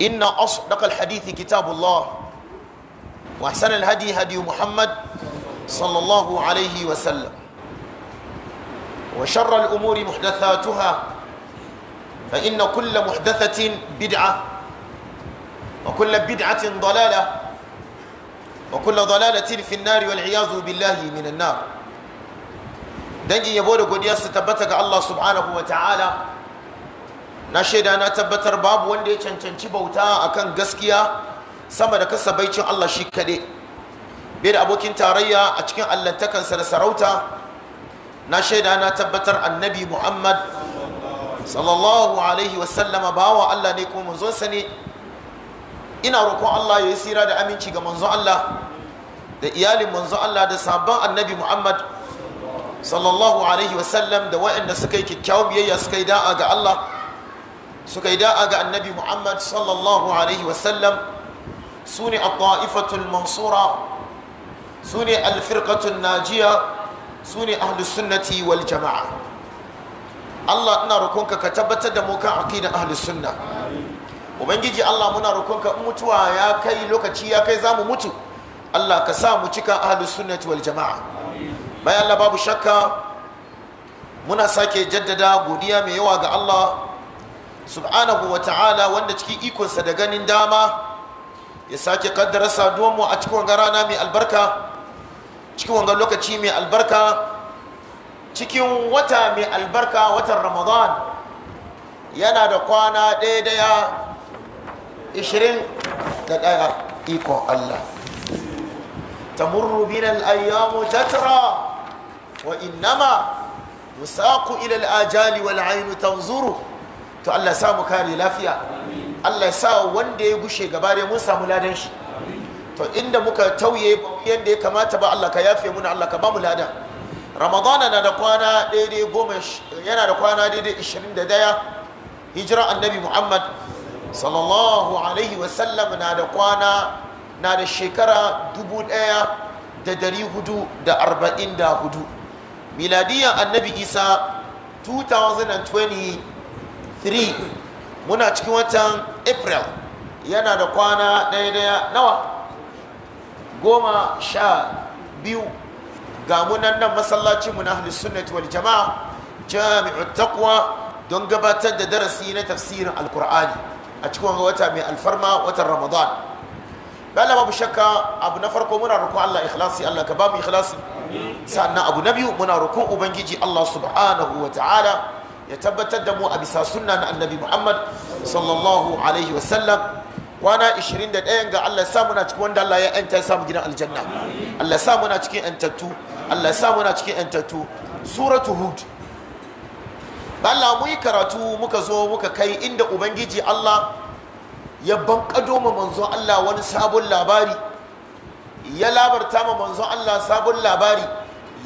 إن أصدق الحديث كتاب الله وأحسن الهدي هدي محمد صلى الله عليه وسلم وشر الأمور محدثاتها فإن كل محدثة بدعة وكل بدعة ضلالة وكل ضلالة في النار والعياذ بالله من النار دنجي يبولو قد يستبتك الله سبحانه وتعالى na shaida na tabbatar babu wanda ya cancanci bauta akan gaskiya sama da kasabaicin Allah shi kaɗe. bai da abokin tarayya a cikin allantakansa da sarauta na shaida na tabbatar annabi muhammad sallallahu alaihi wasallama bawa Allah ne kuma manzonsa ne ina roƙon Allah ya yi tsira da aminci ga manzon Allah da iyalin manzon Allah da sabon annabi muhammad sallallahu alaihi wasallam da waɗanda suka yi kyakkyawan biyayya suka yi da'a ga Allah suka yi da'a ga annabi muhammad sallallahu alaihi wasallam su ne a ta'ifatul mansura su ne alfirkatun najiya su ne sunnati wal jama'a allah ina rukunka ka tabbatar da mu kan aqidan ubangiji allah muna rukunka mutuwa ya kai lokaci ya kai za mu mutu allah ka sa mu cika ahlus waljama'a wal jama'a bayan allah babu shakka muna sake jaddada godiya mai yawa ga allah subhanahu wa ta'ala wanda cikin ikonsa da ganin dama ya sake kaddara saduwanmu a cikin wanga rana mai albarka cikin wanga lokaci mai albarka cikin wata mai albarka watan ramadan yana da kwana ɗaya daya ishirin da ɗaya ikon allah tamurru bin ayyamu tatra wa innama musaku ilal ajali wal ainu tanzuru to Allah sa mu kare lafiya Allah ya sa wanda ya gushe gaba daya mun samu ladan shi to inda muka tauye yadda ya kamata ba Allah ka yafe muna Allah ka ba mu ladan ramadana na da kwana daidai goma yana da kwana daidai ishirin da daya hijira annabi muhammad sallallahu alaihi wasallam na da kwana na da shekara dubu daya da dari hudu da arba'in da hudu miladiyan annabi isa 2020 3 muna cikin watan april yana da kwana ɗaya-ɗaya nawa goma sha biyu ga munan nan masallacinmu na ahlus sunnati wal jama'a jami'u takwa don gabatar da darasi na tafsirin alkur'ani a cikin wata mai alfarma watan ramadan bala babu shakka abu na farko muna ruku Allah ikhlasi Allah ka ba mu ikhlasi sannan abu na biyu muna ruku ubangiji Allah subhanahu wa ta'ala ya tabbatar da mu a bisa sunna na annabi muhammad sallallahu alaihi wasallam kwana 21 ga Allah ya sa muna cikin wanda Allah ya yanta samu gidan aljanna Allah ya sa muna cikin yantattu Allah ya sa muna cikin yantattu suratu hud bala mu yi karatu muka zo muka kai inda ubangiji Allah ya bankado ma manzon Allah wani sabon labari ya labarta ma manzon Allah sabon labari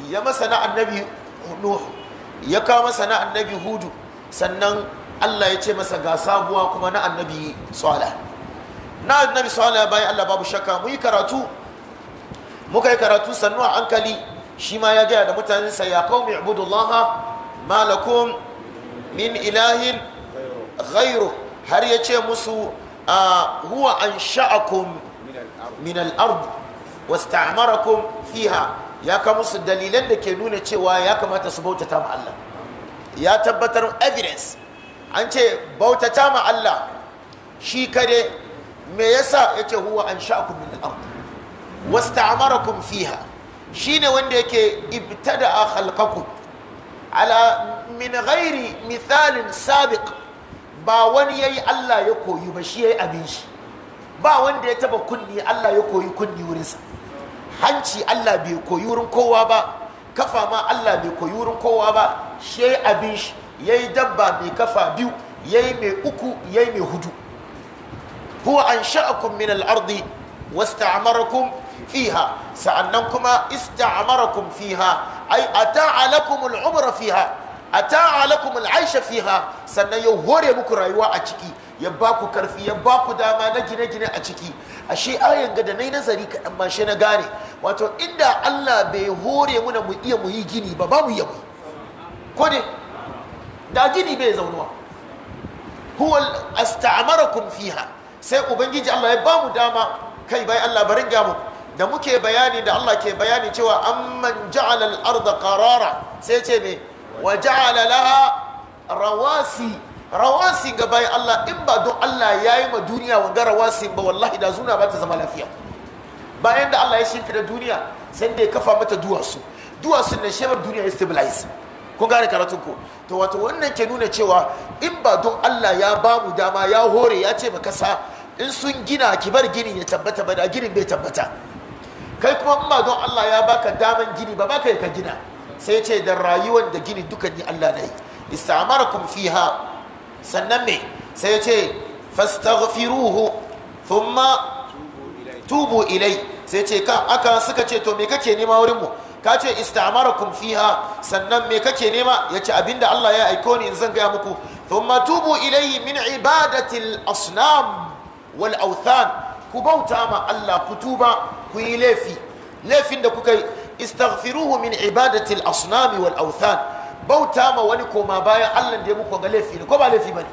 ya masa masana annabi Nuh ya kawo masa na annabi hudu sannan Allah ya ce masa ga sabuwa kuma na annabi salih na annabi ba bayan Allah babu shakka mu yi karatu muka yi karatu sannu a hankali shi ma ya gaya da mutanensa ya kawo mai abudullah malakum min ilahin ghairu har ya ce musu huwa an sha'akum min al'ard wasta'amarakum fiha ya kawo musu dalilan da ke nuna cewa ya kamata su bautata ma Allah ya tabbatar evidence an ce bautata ma Allah shi kare me yasa yace huwa an sha'akum min al-ard wasta'amarakum fiha shine wanda yake ibtada khalqakum ala min ghairi mithalin sabiq ba wani yayi Allah ya koyi ba shi yayi abin shi ba wanda ya taba kunni Allah ya koyi kunni wurinsa hanci Allah bai koyi wurin kowa ba kafa ma Allah bai koyi wurin kowa ba shi abin shi yayi dabba mai kafa biyu yayi mai uku yi mai hudu huwa ansha'akum min al-ardi wasta'marakum fiha sa'annan kuma ista'marakum fiha ay ata'a lakum al-umra fiha ata'a lakum al-aisha fiha sannan ya hore muku rayuwa a ciki ya baku karfi ya baku dama na gine-gine a ciki ashe ayan ga da nai nazari kaɗan ba shi na gane wato inda Allah bai hore muna mu iya mu yi gini ba ba mu iya mu ko ne da gini bai zaunuwa huwa astamarakum fiha sai ubangiji Allah ya ba mu dama kai bai Allah barin ga mu da muke bayani da Allah ke bayani cewa amman ja'ala al arzakarara qarara sai ce me wa ja'ala laha rawasi rawasin ga bayan Allah in ba don Allah ya yi ma duniya wanga rawasin ba wallahi da zuna ba ta zama lafiya bayan da Allah ya shimfida duniya sai da ya kafa mata duwatsu duwatsun na shebar duniya ya stabilize kun gane karatun ku. to wata wannan ke nuna cewa in ba don Allah ya ba mu dama ya hore ya ce ba sa in sun gina ki bar gini ya tabbata ba da ginin bai tabbata kai kuma in ba don Allah ya baka daman gini ba baka ka gina sai ce da rayuwar da gini dukan ni Allah yi istamarakum fiha sannan me sai ya ce fastaghfiruhu thumma tubu ilai sai ce ka aka suka ce to me kake nema wurin mu ka ce istamarakum fiha sannan me kake nema yace abinda Allah ya aiko ni in zan gaya muku thumma tubu ilai min ibadati al-asnam wal awthan ku bauta ma Allah ku tuba ku yi laifi laifin da kuka yi istaghfiruhu min ibadati al-asnam wal awthan bauta ma wani koma bayan Allah da ya muku ga laifi ne ko ba laifi ne?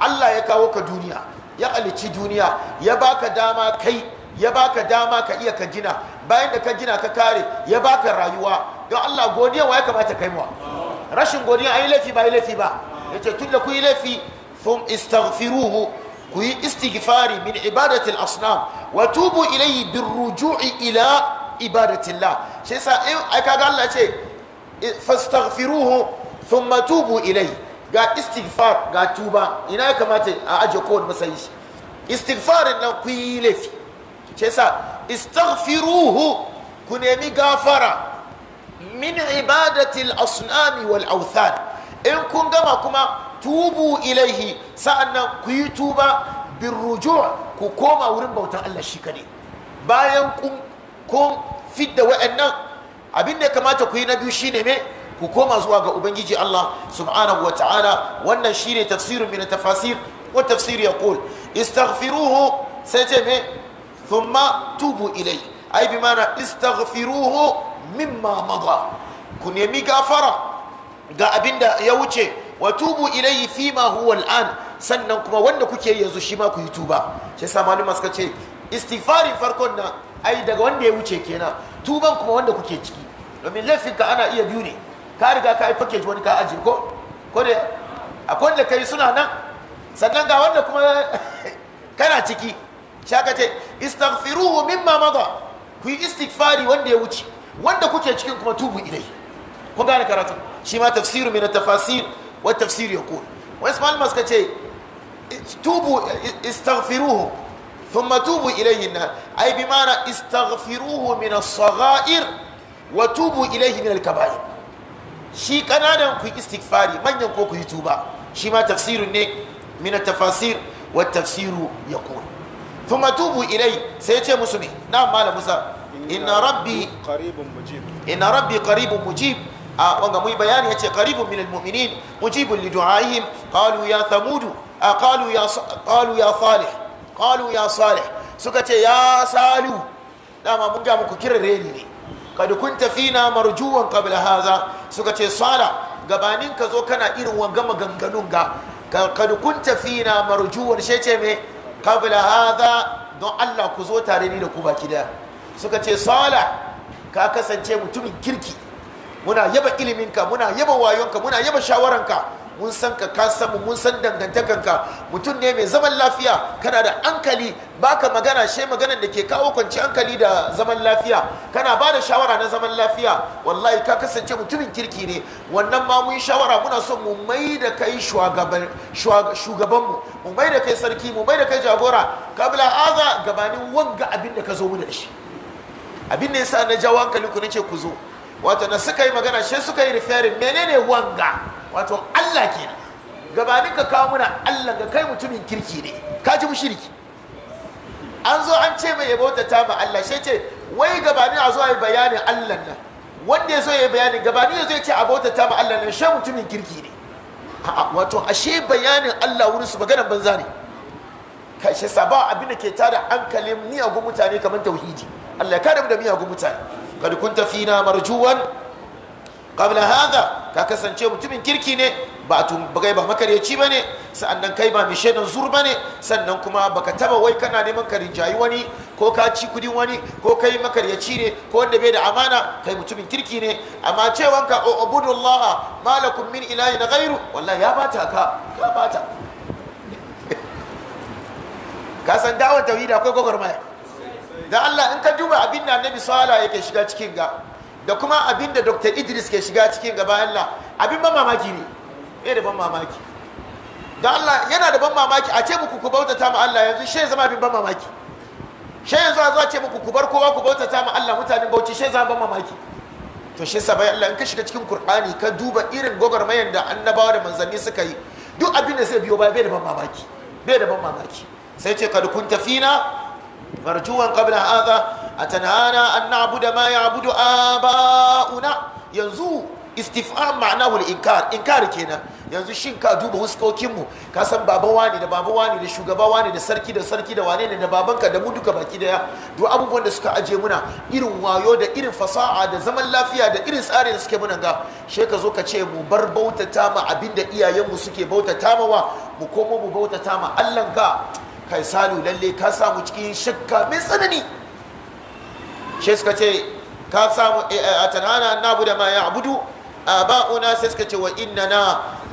Allah ya kawo ka duniya ya alici duniya ya baka dama kai ya baka dama ka iya ka gina bayan da ka gina ka kare ya baka rayuwa don Allah godiya wa ya kamata kai mu rashin godiya yi laifi ba yi laifi ba ce tun da ku yi laifi thum istaghfiruhu ku yi istighfari min ibadatil al-asnam wa tubu ilayhi birruju'i ila ibadatillah Allah shi yasa ai kaga Allah ce fastaghfiruhu thumma tubu ilai ga istighfar ga tuba ina ya kamata a aje kowane masayi shi istighfarin nan ku yi laifi ce sa istaghfiruhu ku nemi gafara min ibadatil asnami wal authan in kun gama kuma tubu ilaihi sa'annan ku yi tuba bin ku koma wurin bautan Allah shi kadai bayan kun fidda wa'annan abin da ya kamata ku yi na biyu shine me ku koma zuwa ga ubangiji Allah subhanahu wa ta'ala wannan shine tafsirun min tafasir wa tafsir yaqul istaghfiruhu sai ce me thumma tubu ilai ai bi mana istaghfiruhu mimma madha ku nemi gafara ga abin da ya wuce wa tubu ilai fi ma huwa al'an sannan kuma wanda kuke yanzu shi ma ku yi tuba sai sa malama suka ce istighfarin farkon na ai daga wanda ya wuce kenan tuban kuma wanda kuke ciki domin laifinka ana iya biyu ne ka riga ka yi package wani ka ajiye ko ko da akwai da kai suna nan sannan ga wanda kuma kana ciki shaka ce istaghfiruhu mimma madha ku yi istighfari wanda ya wuce wanda kuke cikin kuma tubu ilai Ko gane karatu shi ma tafsiru min tafasir wa tafsir yaqul wa ismail maska ce tubu istaghfiruhu thumma tubu ilayhi ay bi ma'ana istaghfiruhu min as-sagha'ir wa tubu ilaihi min al-kaba'ir shi kananan ku istighfari manyan ko ku yi tuba shi ma tafsirun ne min at wa tafsiru yaqul thumma tubu ilai sai ce musu ne na malam Musa inna rabbi qaribun mujib inna rabbi qaribun mujib a wanga mu bayani yace qaribun min al-mu'minin mujibun li du'aihim qalu ya thamud qalu ya qalu ya salih qalu ya salih suka ce ya salu dama mun ga muku kirare ne kad kunta fina marjuwan qabla haza suka ce sala gabanin ka zo kana irin wanga maganganun ga kad kunta fina marjuwan shi ce me qabla haza don Allah ku zo tare ni da ku baki daya suka ce sala ka kasance mutumin kirki muna yaba iliminka muna yaba wayonka muna yaba shawaranka mun san ka ka samu mun san dangantakanka mutum ne mai zaman lafiya kana da hankali baka magana she magana da ke kawo kwanci hankali da zaman lafiya kana ba da shawara na zaman lafiya wallahi ka kasance mutumin kirki ne wannan ma mun shawara muna son mu mai da kai shugaban shugabanmu mu mai da kai sarki mu mai da kai jagora kabla aza gabanin wanga abin da ka zo mu da shi abin ne yasa na jawo hankalinku nace ku zo wato na suka yi magana she suka yi referring menene wanga wato Allah kenan gabanin ka kawo muna Allah ga kai mutumin kirki ne ka ji mushriki an zo an ce mai yabo ta ma Allah sai ce wai gabanin a zo a yi bayanin Allah nan wanda ya zo ya yi bayanin gabanin ya zo ya ce abota ta ma Allah nan shi mutumin kirki ne wato ashe bayanin Allah wurin su maganar banza ne kashe sabawa abin da ke tada hankalin miyagun mutane kamar tauhidi Allah ya kada mu da miyagun mutane kad kunta fina marjuwan qabla hada ka kasance mutumin kirki ne ba tun kai ba makaryaci ba ne sa'annan kai ba mishe shaidan zur ba ne sannan kuma baka taba wai kana neman ka rinjayi wani ko ka ci kudin wani ko kai makaryaci ne ko wanda bai da amana kai mutumin kirki ne amma ka o abudullah malakum min ilahi na gairu wallahi ya bata ka ya bata ka san dawon tauhid akwai gwagwarmaya da Allah in ka duba abin da Annabi sallallahu alaihi yake shiga cikin ga da kuma abin da dr idris ke shiga cikin gaba allah abin ban mamaki ne ya da ban mamaki da allah yana da ban mamaki a ce muku ku bautata ma allah yanzu shi zama abin ban mamaki shi yanzu a zuwa ce muku ku bar kowa ku bautata ma allah mutanen bauchi shi zama ban mamaki to shi sa bai allah in ka shiga cikin qur'ani ka duba irin gwagwarmayar da annabawa da manzanni suka yi duk abin da zai biyo bai da ban mamaki bai da ban mamaki sai ce kada kun tafina farjuwan qabla hadha atanana an na'budu ma ya'budu aba'una yanzu istif'am ma'anahu al-inkar inkar kenan yanzu shin ka duba huskokinmu mu ka san baba wani da baba wani da shugaba wani da sarki da sarki da wane ne da babanka da mu duka baki daya duk abubuwan da suka aje muna irin wayo da irin fasaha da zaman lafiya da irin tsarin da suke muna ga she ka zo ka ce mu bar bautata ma abinda iyayen mu suke bautata ma wa mu komo mu bautata ma Allah ka kai salu lalle ka samu cikin shakka mai tsanani shi suka ce ka samu eh, eh, a tanana na buda ma ya abudu a ba'una sai suka ce wa inna na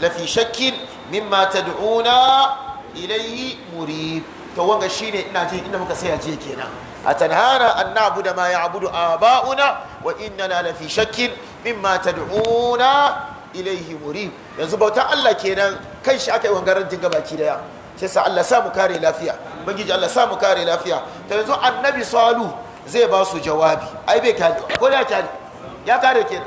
lafi shakkin mimma tad'una ilayhi muri. to wanga shine ina ji inda muka saya jiya kenan A atanhana an na'budu ma ya Abudu ya'budu aba'una wa na lafi shakkin mimma tad'una ilayhi muri. yanzu bautan Allah kenan kan shi aka yi wangaran dinga baki daya sai sa Allah sa mu kare lafiya bangiji Allah sa mu kare lafiya Ta yanzu annabi salu zai ba su jawabi ai bai kare ko da kare ya kare ke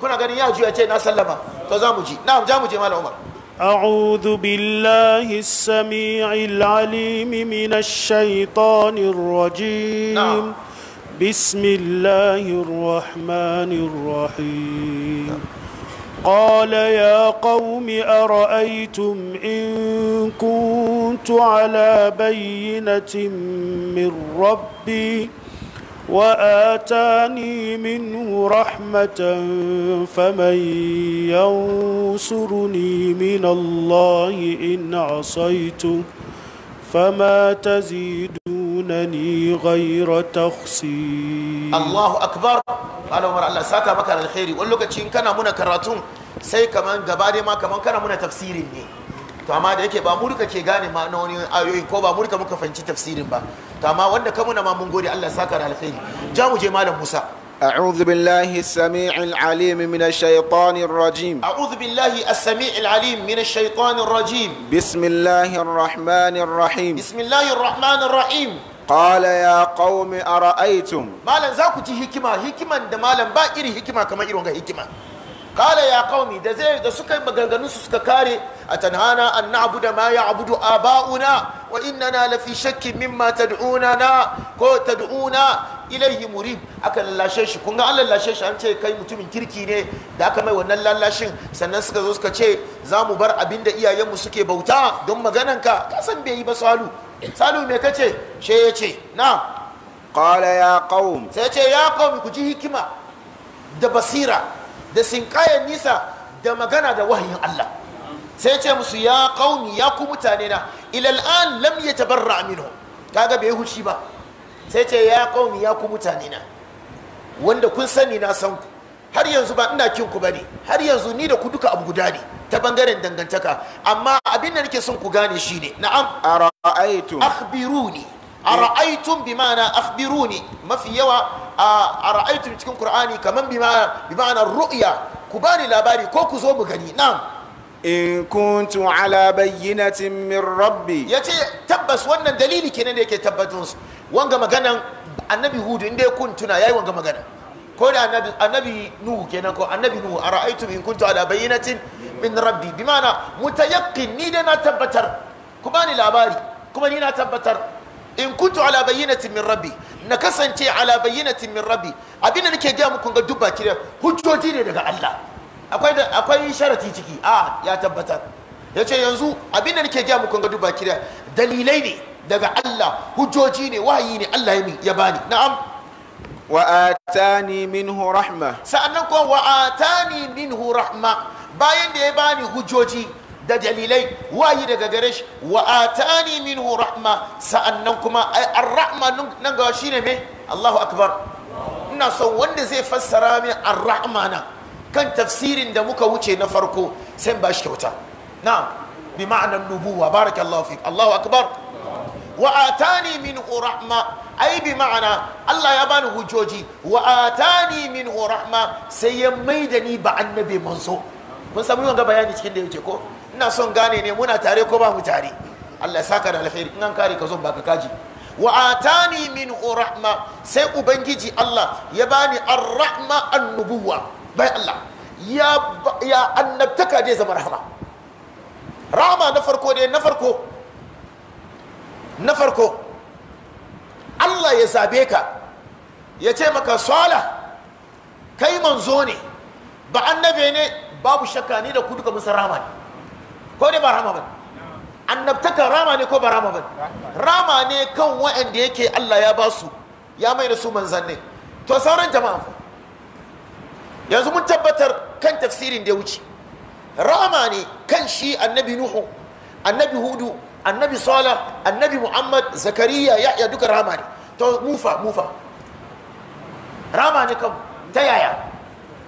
kuna gani ya juya ce na sallama to za mu ji na ja mu je malam umar أعوذ بالله السميع العليم من الشيطان الرجيم rajim بسم الله الرحمن الرحيم قال يا قوم أرأيتم إن كنت على بينة من ربي وآتاني منه رحمة فمن ينصرني من الله إن عصيته فما تزيدونني غير تخسير الله أكبر قال عمر الله ساكا بك على الخير يقول لك كان منا كراتون سي كمان غباري ما كمان كان منا تفسير to amma da yake ba mu duka ke gane ma'anonin ayoyin ko ba mu duka muka fahimci tafsirin ba to amma wanda ka muna ma mun gode Allah saka da alkhairi ja mu je malam Musa أعوذ بالله السميع العليم من الشيطان الرجيم أعوذ بالله السميع العليم من الشيطان الرجيم بسم الله الرحمن الرحيم بسم الله الرحمن الرحيم قال يا قوم أرأيتم مالا زاكو تي هكما هكما دمالا با إري هكما كما إرونغا هكما kala ya qaumi da zai da suka yi maganganun su suka kare a tanhana an da ma ya'budu aba'una wa innana la fi shakkin mimma tad'una na ko tad'una ilayhi murib aka lallashe shi kunga an lallashe shi an ce kai mutumin kirki ne da aka mai wannan lallashin sannan suka zo suka ce za mu bar abin da iyayenmu suke bauta don magananka ka san bai yi ba salu salu ka ce she ya ce na qala ya qaum sai ce ya ku ji hikima da basira da sinkayen nisa da magana da wahayin Allah sai ce musu ya kauni ya ku mutane na ilal'an an lam yatabarra kaga bai hushi ba sai ce ya kauni ya ku mutane na wanda kun sani na san ku har yanzu ba ina kin ku bane har yanzu ni da ku duka abu guda ne ta bangaren dangantaka amma abin da nake son ku gane shine na'am ara'aytum akhbiruni ara'aytum bi ma'ana akhbiruni mafi yawa a ara'aytum cikin qur'ani kaman bi ma'ana ru'ya ku bani labari ko ku zo mu gani na'am in kuntu ala bayyinatin min rabbi yace tabbas wannan dalili kenan da yake tabbatun wanga maganan annabi hudu inda ya kuntuna yayi wanga magana ko da annabi annabi nuhu kenan ko annabi nuhu ara'aytum in kuntu ala bayyinatin min rabbi bi ma'ana mutayaqqin ni da na tabbatar ku bani labari kuma ni na tabbatar in kuntu ala bayyinatin min rabbi na kasance ala bayyinatin min rabbi abinda nake gaya muku ga duk baki hujjoji ne daga Allah akwai akwai sharati ciki a ya tabbatar yace yanzu abinda nake gaya muku ga duk baki dalilai ne daga Allah hujjoji ne wahayi ne Allah ya ya bani na'am wa atani minhu rahma sa'annan ko wa atani minhu rahma bayan da ya bani hujjoji da dalilai wayi daga gare shi wa atani minhu rahma sa'annan kuma ar-rahma nan ga shine me Allahu akbar ina son wanda zai fassara min ar-rahma na kan tafsirin da muka wuce na farko sai ba shi kyauta na'am bi ma'anar nubuwa barakallahu fik Allahu akbar wa atani min rahma ai bi ma'ana Allah ya bani hujjoji wa atani minhu rahma sai ya maida ni ba annabi manzo mun samu ga bayani cikin da yake ko ina son gane ne muna tare ko ba mu tare Allah ya saka da alkhairi in an kare ka zo baka kaji wa atani min rahma sai ubangiji Allah ya bani ar-rahma an-nubuwa bai Allah ya ya annabtaka dai zama rahma rahma na farko dai na farko na farko Allah ya zabe ka ya ce maka sala kai manzo ne ba annabe ne babu shakka ni da ku duka musa rahma ne ko ne ba rama ba annabtaka rama ne ko ba rama ba rama ne kan waɗanda yake Allah ya ba su ya mai da su manzanni to sauran jama'a fa yanzu mun tabbatar kan tafsirin da ya wuce rama ne kan shi annabi nuhu annabi hudu annabi salih annabi muhammad zakariya yahya duka rama ne to mufa mufa rama ne kan ta yaya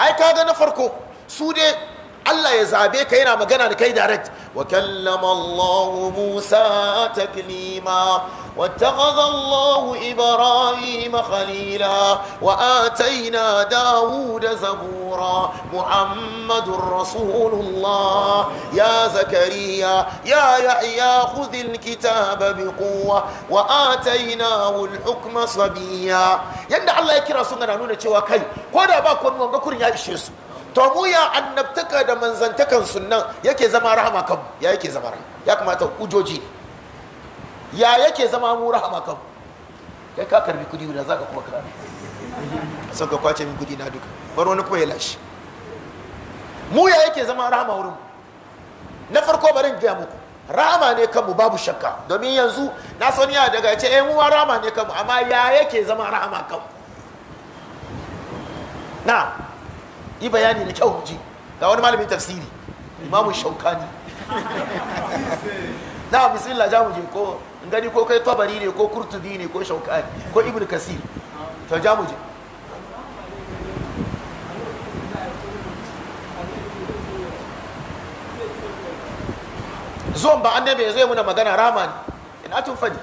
ai kaga na farko su dai Allah ya zabe ka yana magana da kai direct wa kallama Allah Musa taklima wa ta'adha Allah Ibrahim khalila wa atayna Dawud zabura محمد رسول الله يا زكريا يا يحيى خذ الكتاب بقوه واتيناه الحكم su. يند الله يكرسون انا نونا تشوا كاي كودا با كون to mu ya annabtaka da manzantakan sunnan yake zama rahama kanmu ya yake zama rahama ya kamata ujoji ya yake zama mu rahama kanmu kai ka karbi kudi guda zaka kuma kara sanka kwace min kudi na duka bar wani kuma ya lashe mu ya yake zama rahama wurin na farko barin gaya muku rahama ne kanmu babu shakka domin yanzu na soniya ya daga ce eh muwa rahama ne kanmu amma ya yake zama rahama kanmu na yi bayani da kyau hujji ga wani malamin tafsiri imamu shaukani na bismillah ja mu je ko gani ko kai tabari ne ko kurtubi ne ko shaukani ko ibnu kasir to ja mu je zuwan ba annabi ya zo muna magana rama ne in atun fadi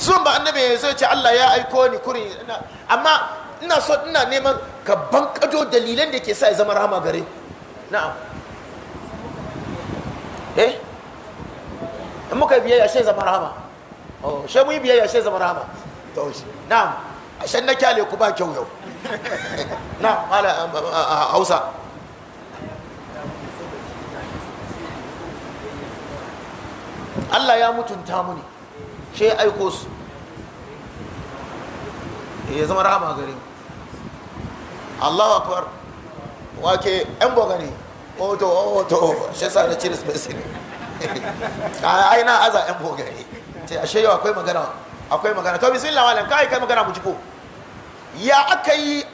zuwan ba annabi ya zo ce Allah ya aiko ni kuri amma ina so ina neman ka bankado dalilan da ke sa ya zama rama gare na'am eh in muka biyayya shi zama rama oh shi mun biyayya shi zama rama to shi na'am ashe na kyale ku ba kyau yau na'am mala Hausa Allah ya mutunta mu ne shi aiko su eh, ya zama rama gare mu allahu wa wake yan boga ne oto oh, oto oh, shi sa da cire space ne aina na aza yan boga ne ce a yau akwai magana akwai magana to lawa lan kai kai magana mu ji ko ya aka yi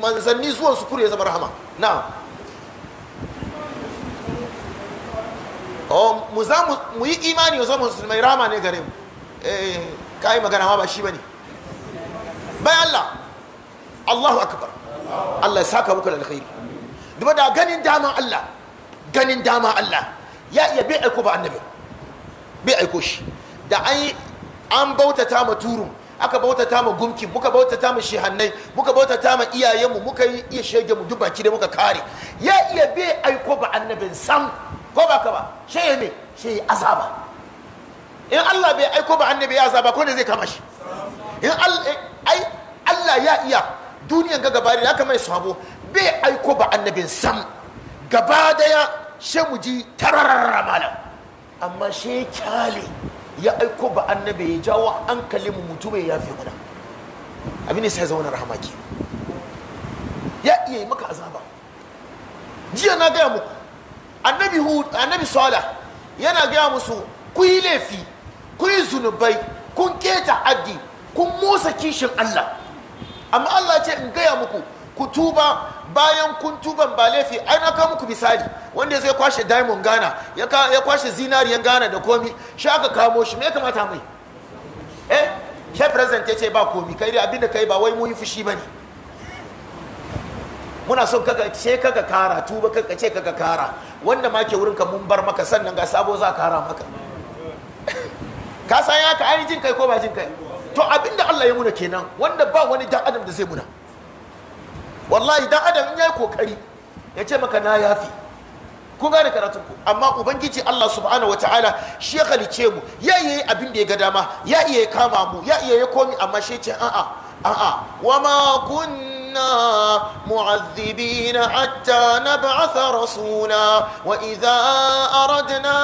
manzanni zuwan su kuri ya zama rahama na oh, mu za mu yi imani wasu mai rama ne gare mu eh, kai magana ma ba shi ba ne bayan Allah Allahu akbar Allah ya saka muku da alkhairi duba da ganin dama Allah ganin dama Allah ya iya bai aiko ba annabi bai aiko shi da an an bautata ma turun aka bautata ma gumki muka bautata ma shehannai muka bautata ma iyayenmu muka yi iya shege mu duk baki da muka kare ya iya bai aiko ba annabin sam ko ba ka ba sheye ne sheye azaba in Allah bai aiko ba annabi ya azaba ko ne zai kama shi in Allah ai Allah ya iya duniyan ga gabari da aka mai sabo bai aiko ba annabin sam gaba daya she mu ji tararara malam amma she kyale ya aiko ba annabi ya jawo hankalin mu mutume ya yafe mana abin ne sai zauna rahama ke ya iya yi maka azaba jiya na gaya muku annabi hud annabi salih yana gaya musu ku yi laifi ku yi zunubai kun keta addi kun musa kishin allah amma Allah ce in gaya muku ku tuba bayan kun tuban ba laifi ai na kawo muku misali wanda zai kwashe diamond gana ya kwashe zinariyan gana da komi shi aka kamo shi me kamata mai eh shi president ya ce ba komi kai dai abinda kai ba wai mun yi fushi bane muna son kaga ce kaga kara tuba kaga ce kaga kara wanda ma ke wurinka mun bar maka sannan ga sabo za kara maka ka san ya ka ai jin kai ko ba jin kai to abinda Allah ya muna kenan wanda ba wani dan adam da zai muna wallahi dan adam in yayi kokari ya ce maka na yafi kun gane karatun ku amma ubangiji Allah subhanahu wataala shi ya halice mu ya yi abin da ya ga dama ya iya ya kama mu ya iya ya komi amma shi ce a'a a'a wama kun كنا معذبين حتى نبعث رسولا وإذا أردنا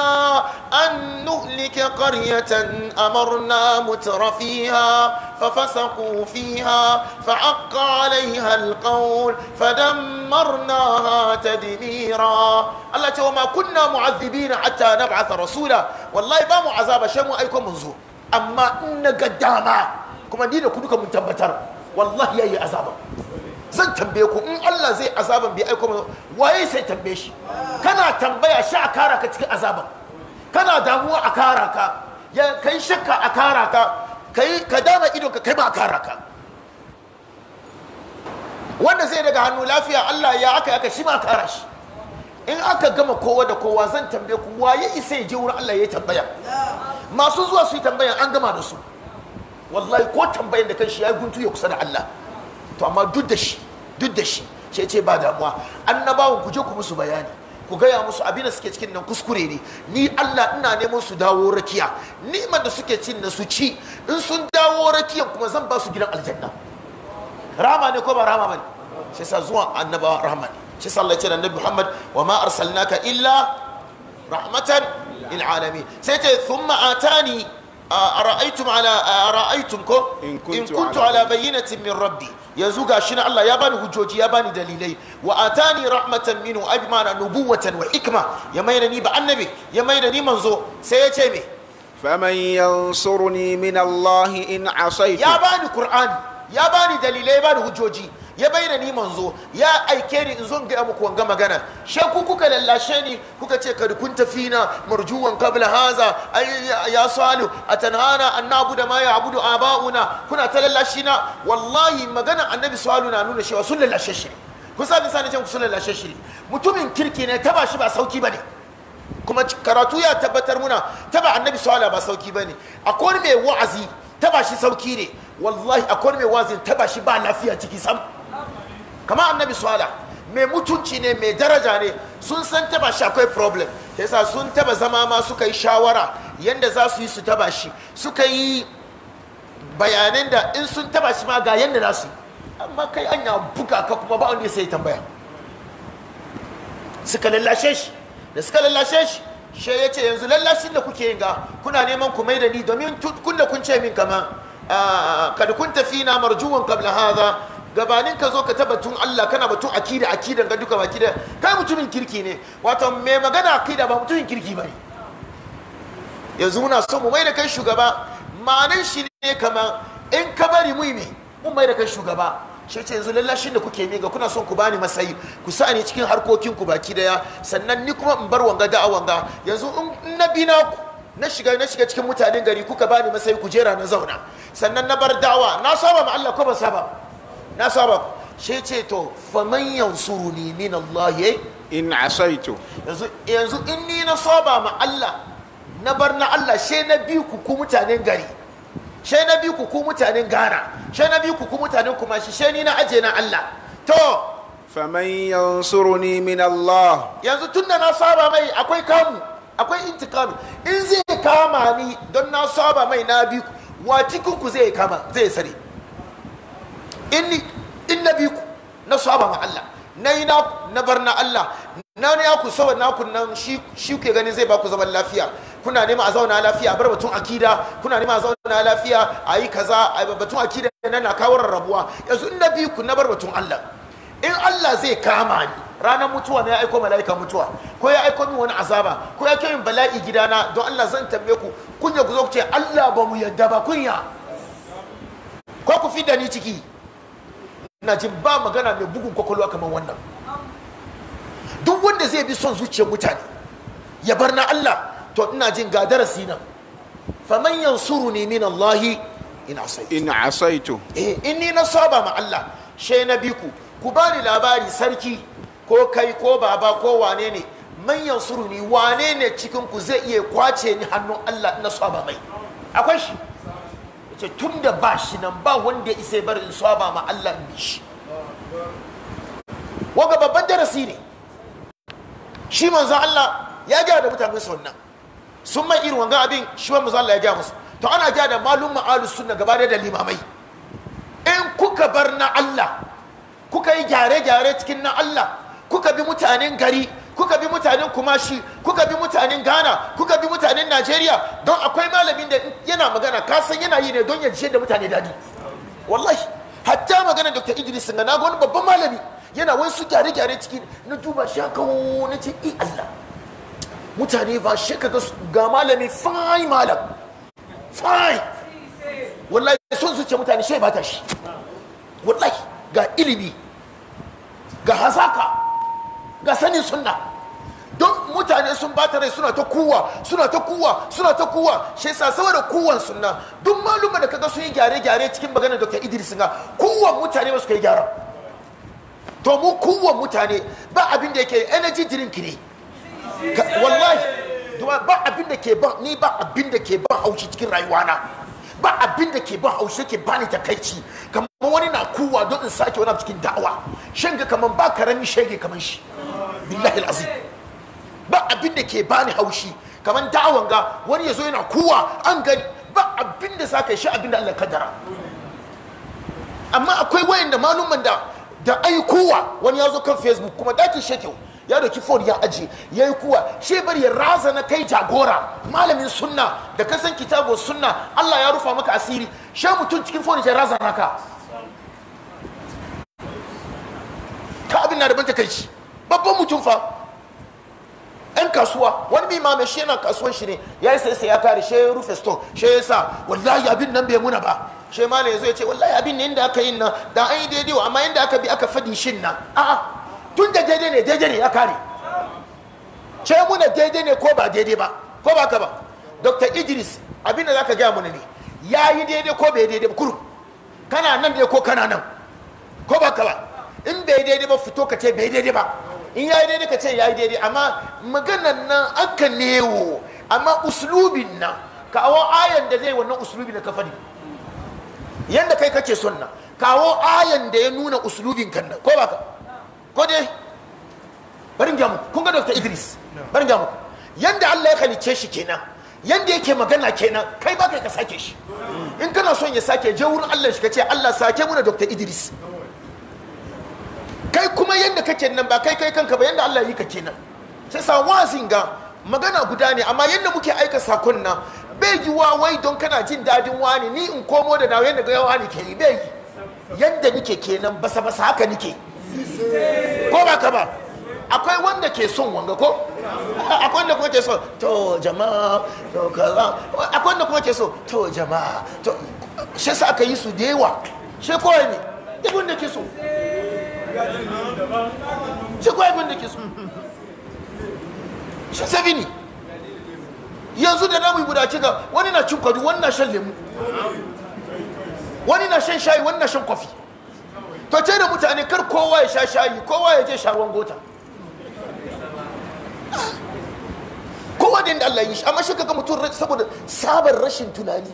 أن نهلك قرية أمرنا متر فيها ففسقوا فيها فحق عليها القول فدمرناها تدميرا الله تعالى ما كنا معذبين حتى نبعث رسولا والله بام عذاب شمو أيكم منزو أما إن قداما كما دينا كنوك من والله يا عذاب zan tambaye ku in Allah zai azaban bai aiko mu waye sai tambaye shi kana tambaya shi a kara ka cikin azaban kana damuwa a kara ka ya kai shakka a kara ka kai ka dama idon ka kai ba a kara ka wanda zai daga hannu lafiya Allah ya aka aka shi ma kara shi in aka gama kowa da kowa zan tambaye ku waye isa ya je wurin Allah ya tambaya masu zuwa su tambaya an gama da su wallahi ko tambayan da kan shi ya guntu ya kusa da Allah to amma duk da shi duk da shi sai ce ba damuwa annabawan ku je ku musu bayani ku gaya musu abin da suke cikin nan kuskure ne ni Allah ina neman su dawo rakiya ni'imar da suke cin na su ci in sun dawo rakiyan kuma zan ba su gidan aljanna rama ne ko ba rama bane sai sa zuwa annabawa rahama ne shi sa Allah ya ce da annabi Muhammad wa ma arsalnaka illa rahmatan lil alamin sai ce thumma atani ara'aytum ala ara'aytum ko in kuntu ala bayyinatin min rabbi yanzu gashi na Allah ya bani hujjoji ya bani dalilai wa atani rahmatan minu ajmana nubuwatan wa hikma ya maida ni ba annabi ya maida ni manzo sai ya ce me faman yansuruni min Allah in asaitu ya bani qur'ani ya bani dalilai ya bani hujjoji ya bai da ni manzo ya aike ni in zo in gaya muku wanga magana ku kuka lallashe ni kuka ce kada kun na marjuwan qabla haza ya salu atanhana an nabuda ma ya'budu aba'una kuna ta lallashi na wallahi magana annabi salu na nuna cewa sun lallashe shi kun sani ce ku sun lallashe shi mutumin kirki ne taba shi ba sauki bane kuma karatu ya tabbatar muna taba annabi salu ba sauki bane akwai mai wa'azi taba shi sauki ne wallahi akwai mai wa'azin taba shi ba lafiya ciki sam kamar annabi Suwala, mai mutunci ne mai daraja ne sun san taba shi akwai problem yasa sun taba zama ma suka yi shawara yadda za su yi su taba shi suka yi bayanan da in sun taba shi ma ga yadda za su amma kai an buga ka kuma ba wanda sai tambaya suka lallashe shi da suka lallashe shi shi ya ce yanzu lallashin da kuke yin ga kuna neman ku mai da ni domin kun da kun ce min kama ah, ah, ah, kada kun tafi na marjuwan kabla haza gabanin ka zo ka ta batun Allah kana batun akida akidan ga duka baki da kai mutumin kirki ne wato mai magana akida ba mutumin kirki ba ne yanzu muna so mu mai da kai shugaba ma'anan shi ne kamar in ka bari mu ne mun mai da kai shugaba shi ce yanzu lallashin da kuke mi ga kuna son ku bani masayi ku sa ni cikin harkokin ku baki daya sannan ni kuma in bar wanga da'a wanga yanzu in na bi na na shiga na shiga cikin mutanen gari kuka bani masayi ku jera na zauna sannan na bar da'awa na saba ma Allah ko ba saba na saba shi ce to faman yansuruni min Allah eh? in asaitu yanzu yanzu in ni na saba ma Allah na bar na Allah she na bi ku ku mutanen gari she na bi ku ku mutanen gara she na bi ku ku mutanen kuma shi she ni na aje na Allah to faman yansuruni min Allah yanzu tunda na saba mai akwai kamu akwai intikami in zai kama ni don na saba mai na bi wa cikin ku zai kama zai sare inni in na bi ku na saba ma Allah na yi na bar na Allah na ne ku saboda na ku nan shi ke ganin zai baku zaman lafiya kuna nema a zauna lafiya a bar batun akida kuna nema a zauna lafiya a yi kaza a batun akida na na kawar rabuwa yanzu in na bi ku na bar batun Allah in Allah zai kama ni ranar mutuwa ne ya aiko mala'ika mutuwa ko ya aiko min wani azaba ko ya kai bala'i gidana don Allah zan tambaye ku kunya ku zo ku ce Allah ba mu yadda ba kunya ko ku fi da ni ciki na jin ba magana mai bugun kwakwalwa kamar wannan duk wanda zai bi son zuciyar mutane ya bar na Allah to ina jin gadara darasi nan faman yansuruni min Allah in asaitu in asaitu eh, na saba ma Allah she na bi ku ku bani labari sarki ko kai ko baba ko wane ne man yansuruni wane ne cikin ku zai iya kwace ni hannun Allah na saba mai akwai shi ce tun da ba shi nan ba wanda ya isa barin ba ma Allah bi shi waga babban darasi ne shi manzo Allah ya ga da mutane wannan sun mai irin wanga abin shi manzo Allah ya ga musu to ana ga da malum ma'alus sunna gaba da limamai in kuka bar na Allah kuka yi gyare-gyare cikin na Allah kuka bi mutanen gari kuka bi mutanen kumashi kuka bi mutanen ghana kuka bi mutanen najeriya don akwai malamin da yana magana kasan yana yi ne don ya da mutane dadi wallahi hatta magana dr idris na wani babban malami yana wasu gyare-gyare ciki na duba shi haka oh, na ce i eh, allah mutane ba shi ka ga malami fine malam fine wallahi sun zuce mutane shi ba ta shi wallahi ga ilimi ga hazaka. ga sani sunna don mutane sun bata rai suna ta kuwa suna ta kuwa suna ta kuwa shi yasa saboda kuwan sunna duk maluma da kaga sun yi gyare-gyare cikin maganar Dr. Idris nga kuwan mutane ba su kai gyara to mu kuwan mutane ba abin da yake energy drink ne wallahi ba abin da ke ba ni ba abin da ke ba haushi cikin rayuwana ba abin da ke ba haushi ke bani takaici kamar wani na kuwa don in sake wani cikin da'awa shanga kamar ba karami shege kamar shi billahi azim ba abin da ke bani haushi kamar da'awan ga wani yazo yana kuwa an gani ba abin da saka shi abin da Allah kaddara amma akwai wayanda malumman da da ai kuwa wani yazo kan facebook kuma dakin shekewa ya doki ford ya aji ya yi kuwa shi bari ya raza na kai jagora malamin sunna da kasan san kitabu sunna allah ya rufa maka asiri sha mutum cikin ford ya raza na ka abin na da kai shi babban mutum fa yan kasuwa wani mai shi yana kasuwan shi ne ya yi sai ya kare shi ya rufe stone shi ya sa wallahi abin nan bai muna ba shi ma ne zo ya ce wallahi abin ne inda aka yi nan da an yi daidaiwa amma inda aka bi aka fadi shin nan a'a tun da daidai ne daidai ne ya kare ce muna daidai ne ko ba daidai ba ko ba ka ba dr idris abin da za ka gaya muna ne ya yi daidai ko bai daidai ba kurum kana nan ne ko kana nan ko ba ka ba in bai daidai ba fito ka ce bai daidai ba in ya yi daidai ka ce ya yi daidai amma maganan nan aka newo amma uslubin nan kawo ayan da zai wannan uslubin da ka faɗi yadda kai kake son nan kawo ayan da ya nuna uslubin kan nan ko ba ka ko Bari barin gyamu kun ga dr idris barin gyamu yadda allah ya halice shi kenan yadda yake magana kenan kai ba kai ka sake shi in kana son ya sake je wurin allah shi ka ce allah sake muna dr idris kai kuma yadda kake nan ba kai kai kanka ba yadda allah yi ka kenan sai sa wazin ga magana guda ne amma yadda muke aika sakon nan bai yi wa wai don kana jin dadin wani ni in komo da na yadda ga yawa ne ke yi bai yi nike kenan basa basa haka nike ko ba ka ba akwai wanda ke son wanga ko akwai wanda kuma ke so to jama'a to kaza akwai wanda kuma ke so to jama'a to shi sa aka yi su da yawa shi kawai ne ibin da ke so shi kawai ibin da ke so shi sabi ne yanzu da namu guda kika wani na cin kwadu wani na shan lemu wani na shan shayi wani na shan kwafi ka ce da mutane kar kowa ya sha shayi kowa ya je sharuwan gota kowa da inda Allah yi shi amma shi kaga mutum saboda sabon rashin tunani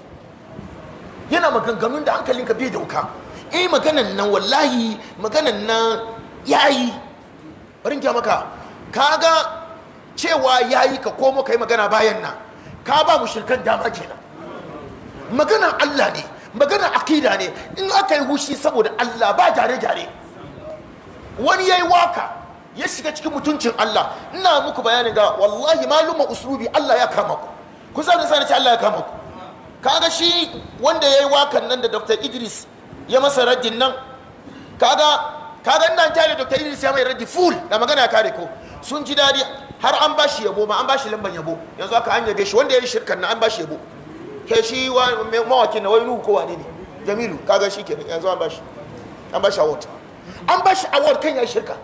yana maganganun da hankalinka bai dauka eh maganan nan wallahi maganan nan yayi bari in maka kaga cewa yayi ka komo kai magana bayan nan ka ba mushrikan dama kenan maganan Allah ne magana akida ne in aka yi hushi saboda Allah ba jare-jare wani ya yi waka ya shiga cikin mutuncin Allah ina muku bayanin ga wallahi maluma uslubi Allah ya kama ku ku sa da ce Allah ya kama ku kaga shi wanda ya yi wakan nan da Dr. Idris ya masa raddin nan kaga kaga ina jare Dr. Idris ya mai raddi full da magana ya kare ko sun ji dadi har an bashi yabo ma an bashi lamban yabo yanzu aka an yabe shi wanda ya yi shirkan nan an bashi yabo ke shi mawakin na wai nuhu ko wane ne jamilu kaga shi ke yanzu an bashi an bashi award an bashi award kan ya shirka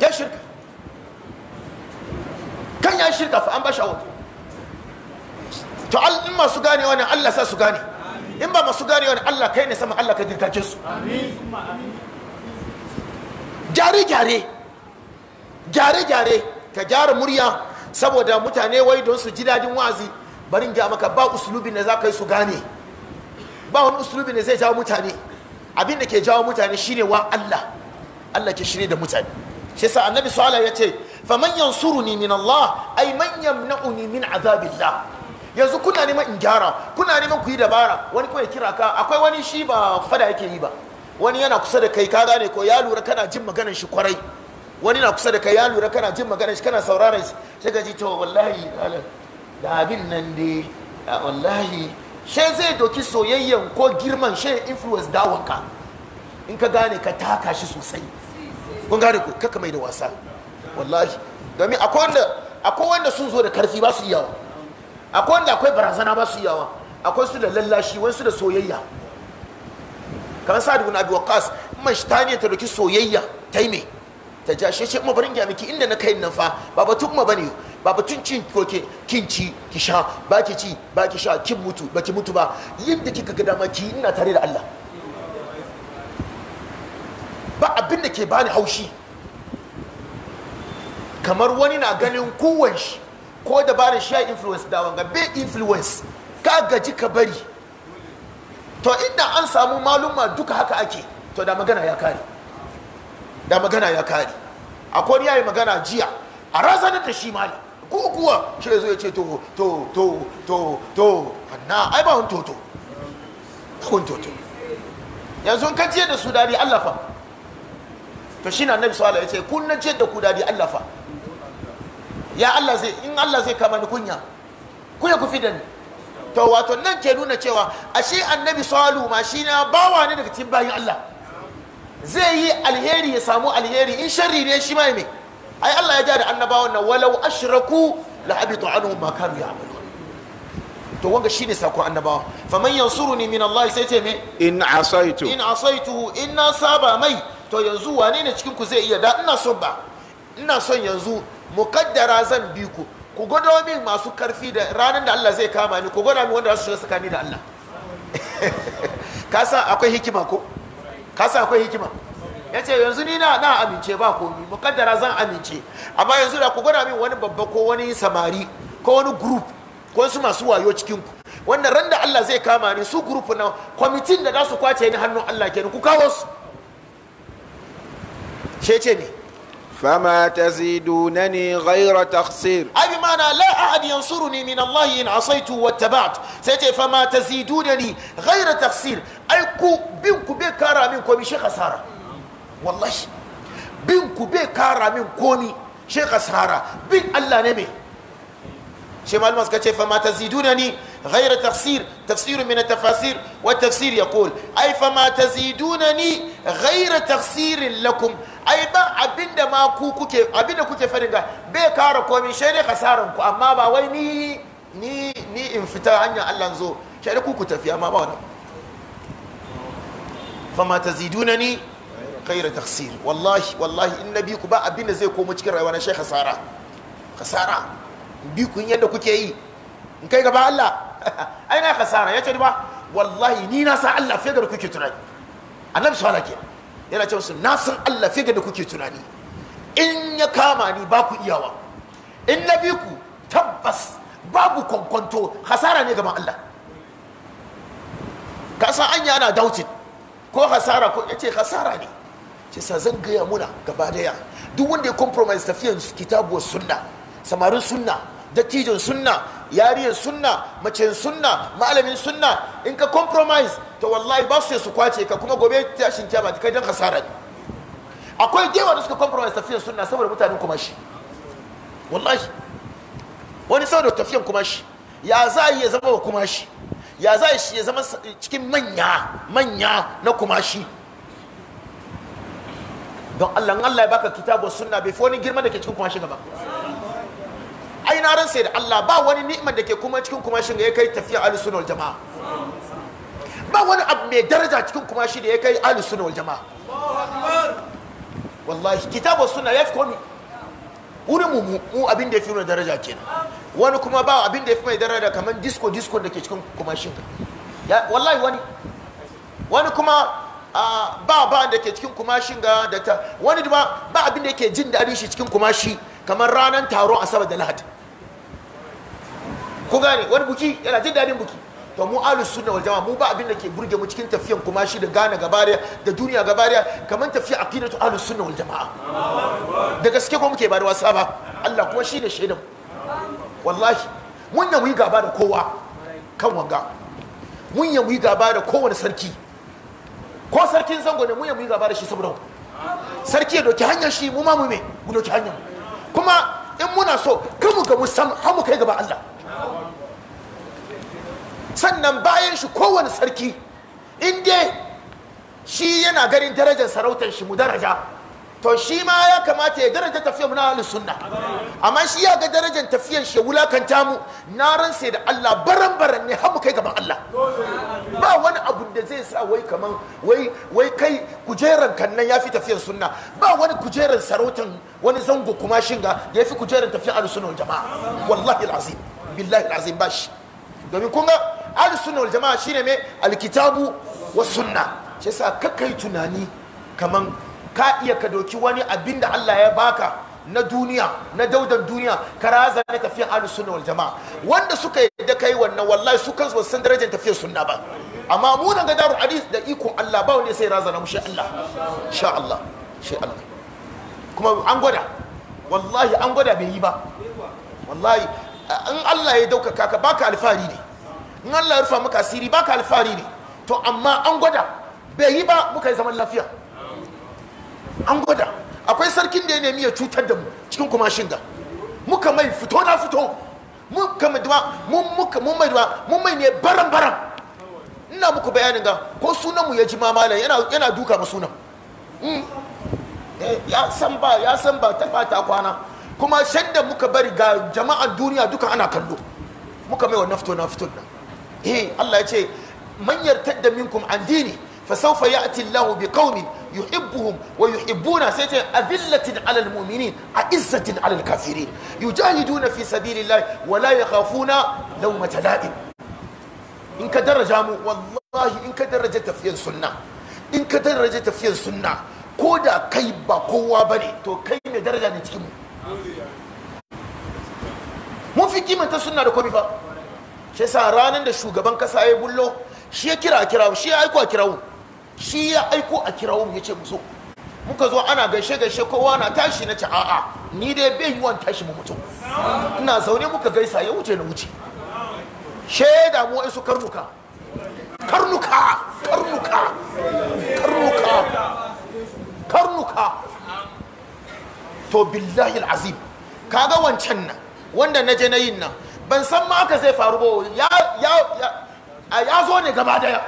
ya shirka kan ya shirka fa an bashi award to in masu gane wani allah sa su gane in ba masu gane wani allah kai ne sama allah ka dirkace su gyare gyare gyare gyare ka gyara murya saboda mutane wai don su ji dadin wa'azi barin ga maka ba usulubin da za ka yi su gane ba wani usulubin da zai jawo mutane abin da ke jawo mutane shine wa Allah Allah ke shirye da mutane shi sa annabi sa'ala ya ce "Fa faman yansuruni min Allah ai man yamna'uni min azabillah yanzu kuna neman in gyara kuna neman ku yi dabara wani kuma ya kira ka akwai wani shi ba fada yake yi ba wani yana kusa da kai ka gane ko ya lura kana jin maganar shi kwarai wani na kusa da kai ya lura kana jin magana shi kana saurara shi sai gaji to wallahi da abin nan dai wallahi shi zai doki soyayyan ko girman shi influence dawanka in ka gane ka taka shi sosai kun gane ku kaka mai da wasa wallahi domin akwai wanda akwai wanda sun zo da karfi ba su yawa akwai wanda akwai barazana ba su yawa akwai su da lallashi wani su da soyayya kamar sa'ad ibn abi waqas man shi ta ne ta doki soyayya ta yi mai ta ja shi kuma barin gya miki inda na kai nan fa ba batun kuma bane ba batun cin ko ke kin ci ki sha ba ki ci ba ki sha kin mutu ba ki mutu ba yadda kika ga dama ki ina tare da Allah ba abin da ke bani haushi kamar wani na ganin kowan shi ko dabarar shi ya influence da wanga be influence ka gaji ka bari to inda an samu maluma duka haka ake to da magana ya kare da magana ya kare akwai ya yi magana jiya a razana da shi mali ko kuwa shi ya zo ya ce to to to to to na ai ba hun toto hun toto yanzu ka ciyar da su dadi allafa to shi na nabi sa'ala ya ce kun na ciyar da ku dadi allafa ya allah zai in allah zai kama ni kunya kuya ku fi da ni to wato nan ke nuna cewa ashe annabi salu ma shi na bawa ne daga cikin bayin allah zai yi alheri ya samu alheri in sharri ne shi mai me ai Allah ya ja da annabawan nan walau ashraku la habitu anhum ma kanu ya'malun to wanga shine sakon annabawa faman yansuruni min Allah sai ce me in asaitu in asaituhu in na saba mai to yanzu wane ne cikin ku zai iya da ina son ba ina son yanzu mukaddara zan bi ku ku gwado min masu karfi da ranar da Allah zai kama ni ku gwada min wanda za su shiga tsakani da Allah ka san akwai hikima ko kasa akwai hikima ya ce yanzu ni na amince ba komi mukaddara zan amince amma yanzu da ku gwada min wani babba ko wani samari ko wani group ko su masu wayo cikin ku wannan ran da Allah zai kama ni su group na kwamitin da za su kwace ni hannun Allah kenan ku kawo su shece ne فما تزيدونني غير تخسير أي بمعنى لا أحد ينصرني من الله إن عصيت واتبعت سيتي فما تزيدونني غير تخسير أي كو بينكو بي كارا من كومي شيخ سارة والله بينكو بي كارا من كومي شيخ سارة بين الله نبي شيخ الماس فما تزيدونني غير تخسير تفسير من التفاسير والتفسير يقول أي فما تزيدونني غير تخسير لكم ai ba abinda ma ku kuke abinda kuke fadin ga bai kara komi shai dai kasaran ku amma ba wai ni ni ni in fita hanyar Allah zo shai dai ku ku tafiya ma ba wannan fama tazidunani khayra takhsir wallahi wallahi in nabi ku ba abinda zai komo cikin rayuwa na shai kasara kasara bi ku yadda kuke yi in kai gaba Allah ai na kasara yace ba wallahi ni na sa Allah fiye da kuke tunani annabi sallallahu alaihi wasallam yana ce musu nasan Allah fiye da kuke tunani in ya kama ni ba ku iyawa in na bi ku tabbas babu kwankwanto hasara ne gaban Allah ka san anya ana dautin ko hasara ko ya ce hasara ne ce sa zan gaya muna gaba daya duk wanda ya compromise tafiyan kitabuwar sunna samarin sunna dattijin sunna yariyar sunna mace sunna malamin sunna in ka compromise to wallahi ba su su kwace ka kuma gobe tashin ta kai don hasara ne akwai gewa da suka compromise tafiyar sunna saboda mutanen kuma shi wallahi wani saboda tafiyar kuma shi ya za a iya zama wa kuma shi ya za a iya zama cikin manya manya na kuma shi don Allah Allah ya baka kitabu sunna bai fi wani girma da ke cikin kuma shi gaba ai na ran sai da Allah ba wani ni'imar da ke kuma cikin kumashin da ya kai tafiya ahlus sunna wal jamaa ba wani abu mai daraja cikin kumashi da ya kai ahlus sunna wal jamaa wallahi kitabu sunna ya fi komi wurin mu mu abin da ya fi nuna daraja kenan wani kuma ba abin da ya fi mai daraja kamar disco disco da ke cikin kumashin wallahi wani wani kuma ba ba da ke cikin kumashin ga da ta wani ba abin da yake jin daɗin shi cikin kumashi kamar ranar taro asabar da lahadi ku gane wani buki yana jin daɗin buki to mu alus sunna wal jama'a mu ba abin da ke burge mu cikin tafiyan kuma shi da gane gabariya da duniya gabariya kamar tafiya aqidatu alus sunna wal jama'a da gaske ko muke bari wasa ba Allah kuma shi da shaidan wallahi mun yamu muyi gaba da kowa kan wanga mun yamu muyi gaba da kowane sarki ko sarkin zango ne mun yamu muyi gaba da shi saboda sarki ya doki hanyar shi mu ma mu me mu doki hanyar mu kuma in muna so kanmu ga musam har mu kai gaba Allah sannan bayan shi kowane sarki in shi yana garin darajar sarautar shi mu daraja to shi ma ya kamata ya daraja tafiyar mu na ahlus sunna amma shi ya ga darajar tafiyar shi wulakanta mu na ran da Allah baran baran ne hamu kai gaban Allah ba wani abu da zai sa wai kaman wai wai kai kujeran kannan yafi tafiyar sunna ba wani kujeran sarautan wani zango kuma shinga da yafi kujeran tafiyar ahlus sunna jamaa wallahi alazim billahi alazim bashi domin kun ga ahlus sunna jamaa shine me alkitabu wa sunna shi yasa kakai tunani kaman ka iya ka doki wani abin da Allah ya baka na duniya na daudan duniya ka raza na tafiyan ahlus sunna wal jamaa wanda suka yadda kai wannan wallahi su kansu san darajar tafiya sunna ba amma mu nan ga daru hadith da ikon Allah ba wanda sai raza na mu sha Allah sha Allah sha Allah kuma an gwada wallahi an gwada bai yi ba wallahi in Allah ya dauka ka baka alfahari ne in Allah ya rufa maka asiri baka alfahari ne to amma an gwada bai yi ba muka yi zaman lafiya an gwada akwai sarkin da ya nemi ya cutar da mu cikin kuma shinga muka mai fito na fito muka mai duwa mun muka mun mai duwa mun mai ne baran baran ina muku bayanin ga ko sunan mu ya ji mamala yana yana duka ma sunan mm. eh, ya san ba ya san ba ta fata kwana kuma shanda muka bari ga jama'an duniya duka ana kallo muka mai wannan fito na fito da. eh Allah ya ce man yartadda minkum andini. dini fa sawfa ya'ti Allah bi qaumin yuhibbuhum wa yuhibbuna sai ce azillatin 'alal a a'izzatin 'alal kafirin yujahiduna fi sabilillah wa la yakhafuna lawmata la'im in ka daraja mu wallahi in ka daraja tafiyan sunna in ka daraja tafiyan sunna ko da kai ba kowa bane to kai ne daraja ne cikin mu mun fi kimanta sunna da komai fa shi yasa ranar da shugaban kasa ya bullo shi ya a shi ya aiko a kirawo shi ya aiko a kirawo mu yace mu zo muka zo ana gaishe gaishe kowa na tashi na ce a'a ni dai bai yi wan tashi mu mutum ina zaune muka gaisa ya wuce na wuce shaida mu su karnuka karnuka karnuka karnuka karnuka to billahi alazim kaga wancan nan wanda na je na yin nan ban san ma aka zai faru ba ya ya ya zo ne gaba daya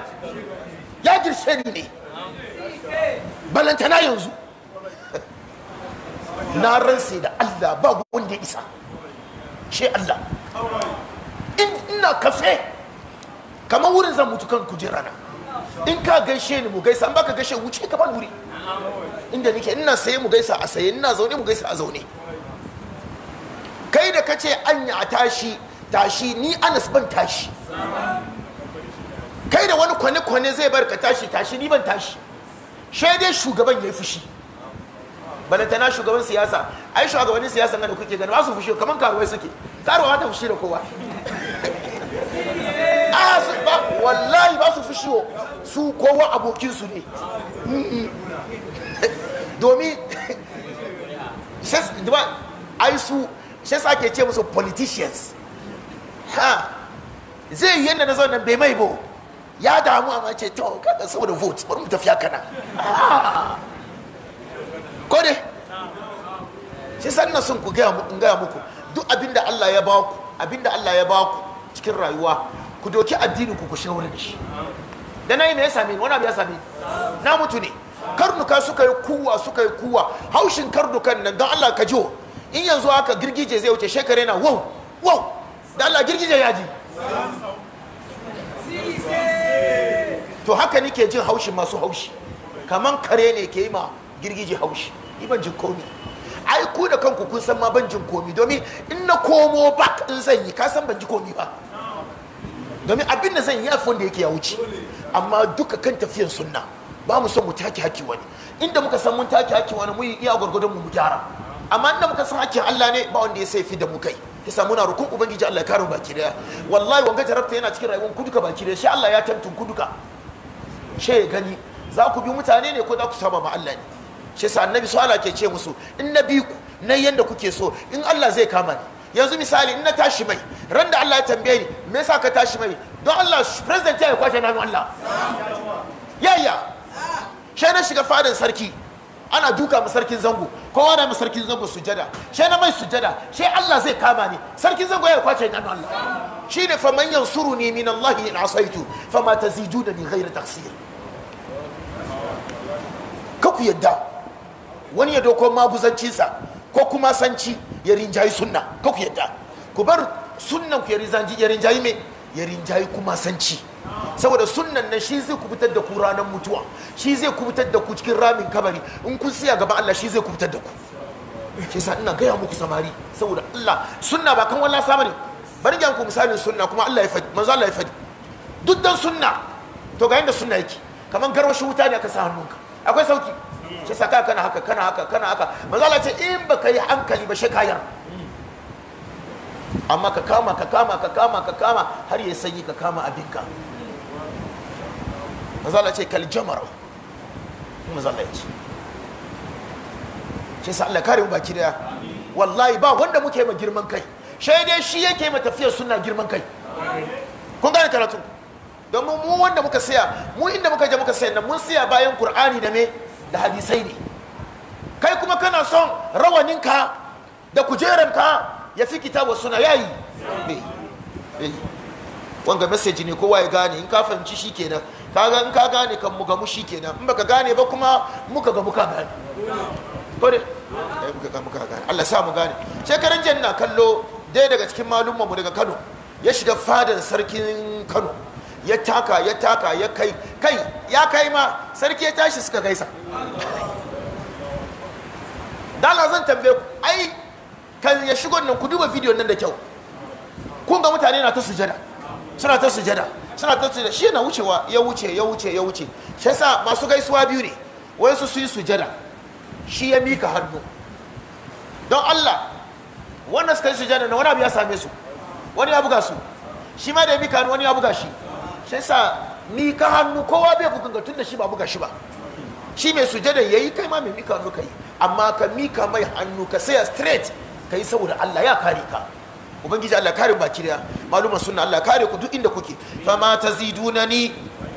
ya girse ni ne balantana yanzu na ransa da Allah ba wanda isa shi Allah in ina kafe kamar wurin zan mutu kan kujera na in ka gaishe ni mu gaisa in baka gaishe wuce ka ban wuri inda nake ina saye mu gaisa a saye ina zaune mu gaisa a zaune kai da kace anya tashi tashi ni Anas ban tashi kai da wani kwane-kwane zai bar ka tashi tashi ni ban tashi dai shugaban ya yi fushi balantana shugaban siyasa ai shugabannin siyasa da kuke gani ba su fushi kamar karuwai suke karuwa ta fushi da kowa wallahi ba su fushi su kowa abokinsu ne domin ai su shi ake ce musu politicians ha zai yi yadda na zo nan bai mai bo ya damu a mace to kada saboda vote bari mu tafiya na ko ne shi sannan sun ku gaya in gaya muku duk abinda Allah ya ba ku abinda Allah ya ba ku cikin rayuwa ku doki addini ku ku shawara da shi da nayi me ya same ni wani abu ya sami na mutu ne karnuka suka yi kuwa suka yi kuwa haushin karnukan nan don Allah ka jiwo in yanzu haka girgije zai wuce shekare na wow wow da Allah girgije ya ji to haka nike jin haushi masu haushi kaman kare ne ke yi ma girgiji haushi iban jin komi ai ku da kanku kun san ma ban jin komi domin in na komo back in zan yi ka san ban ji komi ba domin abin da zan yi ya wanda yake ya wuce amma duka kan tafiyan sunna ba mu san mu take haki wani inda muka san mun take haki wani mu yi iya gwargwadon mu mu gyara amma inda muka san Allah ne ba wanda ya sai fi da mu kai samu muna rukun ubangiji Allah ya kare baki daya wallahi wanga jarabta yana cikin rayuwar kuduka baki daya shi Allah ya tantu kuduka she ya gani za ku bi mutane ne ko za ku saba ma Allah ne shi yasa annabi su Allah ke ce musu in na bi ku na yanda kuke so in Allah zai kama ni yanzu misali in na tashi mai ran da Allah ya tambaye ni me yasa ka tashi mai don Allah president ya kwace na Allah yaya shi na shiga fadin sarki ana duka ma sarkin zango kowa na ma sarkin zango sujada shi na mai sujada shi Allah zai kama ni sarkin zango ya kwace ni Allah shi ne fa man yansuruni min Allah in asaitu fa ma taziduna ni ghayra taqsir ka ku yadda wani ya doko sa ko kuma sanci ya rinjayi sunna ka ku yadda ku bar sunnan ku ya rinjayi me ya rinjayi kuma sanci saboda sunan nan shi zai kubutar da ku ranar mutuwa shi zai kubutar da ku cikin ramin kabari in kun siya gaba Allah shi zai kubutar da ku shi sa ina gaya muku samari saboda Allah sunna ba kan wallah samari bari ga ku misalin sunna kuma Allah ya fadi manzo Allah ya fadi duk dan sunna to ga inda sunna yake kaman garwashin wuta ne aka sa hannunka akwai sauki shi ka kana haka kana haka kana haka manzo Allah ya ce in baka yi hankali ba shi kayan amma ka kama ka kama ka kama ka kama har ya sanyi ka kama abinka manzala ce kal jamara manzala ya ce shi sa Allah kare mu baki daya wallahi ba wanda muke ma girman kai shai dai shi yake ma tafiyar suna girman kai kun gane karatu domin mu wanda muka siya mu inda muka je muka siya nan mun siya bayan qur'ani da me da hadisai ne kai kuma kana son rawaninka da kujeranka ya fi kitabu suna yayi wanga message ne kowa ya gane in ka fahimci shikenan kaga in ka gane kan mu gamu shikenan in baka gane ba kuma muka gamu ka gane ne eh muka gamu ka gane Allah sa mu gane shekaran janna kallo dai daga cikin malumman mu daga Kano ya shiga fadan sarkin Kano ya taka ya taka ya kai kai ya kai ma sarki ya tashi suka gaisa dala zan tambaye ku ai kan ya shigo nan ku duba video nan da kyau kun ga mutane na ta sujada suna ta sujada suna da shi na wucewa ya wuce ya wuce ya wuce shi yasa masu gaisuwa biyu ne wayansu su yi sujada shi ya mika hannu don Allah wannan suka yi sujada na wani abu ya same su wani ya buga su shi ma da ya mika hannu wani ya buga shi shi yasa mika hannu kowa bai bugun ga tun da shi ba buga shi ba shi mai sujada ya yi kai ma mai mika hannu ka yi amma ka mika mai hannu ka saya straight ka yi saboda Allah ya kare ka ubangiji Allah kare baki da malumar sunna Allah kare ku duk inda kuke fama tazidunani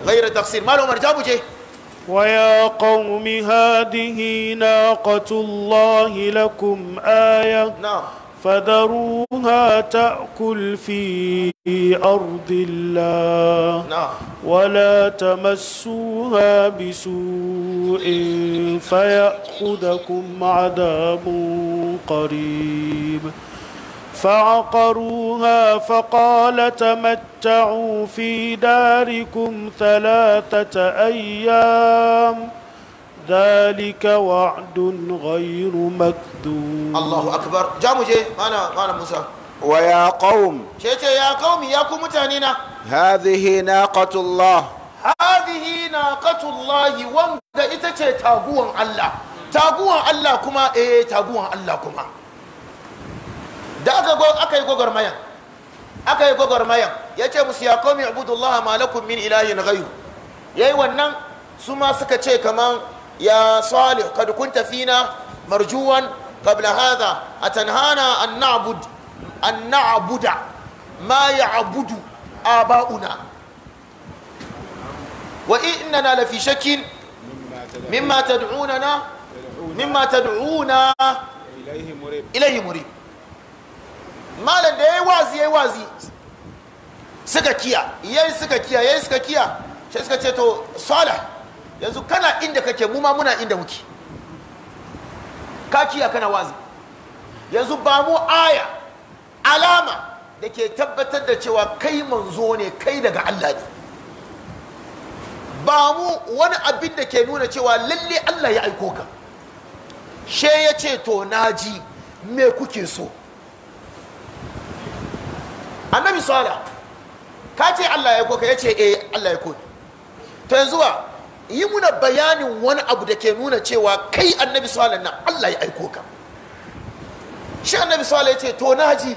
ghayra taqsir malumar jabuje ويا قوم هذه ناقة الله لكم آية نعم فذروها تأكل في أرض الله ولا تمسوها بسوء فيأخذكم عذاب قريب فعقروها فقال تمتعوا في داركم ثلاثة أيام ذلك وعد غير مكذوب الله أكبر جامو جي مانا مانا موسى ويا قوم شيء يا قوم يا قوم تانينا هذه ناقة الله هذه ناقة الله وند إتشي تاغوان الله تاغوان الله كما إيه تاغوان الله كما da aka yi gwagwarmayan aka yi gwagwarmayan ya ce musu ya komi abudullah malakun min na gayu ya yi wannan su ma suka ce kaman ya salih kad tafi na marjuwan qabla hadha atanhana an na'bud an na'buda ma ya'budu aba'una wa innana lafi shakin mimma tad'unana mimma tad'una ilayhi murib malam da yi wazi yi wazi suka kiya yi suka kiya yi suka kiya sai suka ce to salih yanzu kana inda kake mu ma muna inda muke ka kiya kana wazi yanzu ba mu aya alama da ke tabbatar da cewa kai manzo ne kai daga Allah ne ba mu wani abin da ke nuna cewa lalle Allah ya aiko ka she ya ce to naji me kuke so annabi sala ka ce allah ya koka ya ce eh allah ya koka to yanzu wa yi muna bayanin wani abu da ke nuna cewa kai annabi sala na allah ya aiko ka shi annabi sala ya ce to naji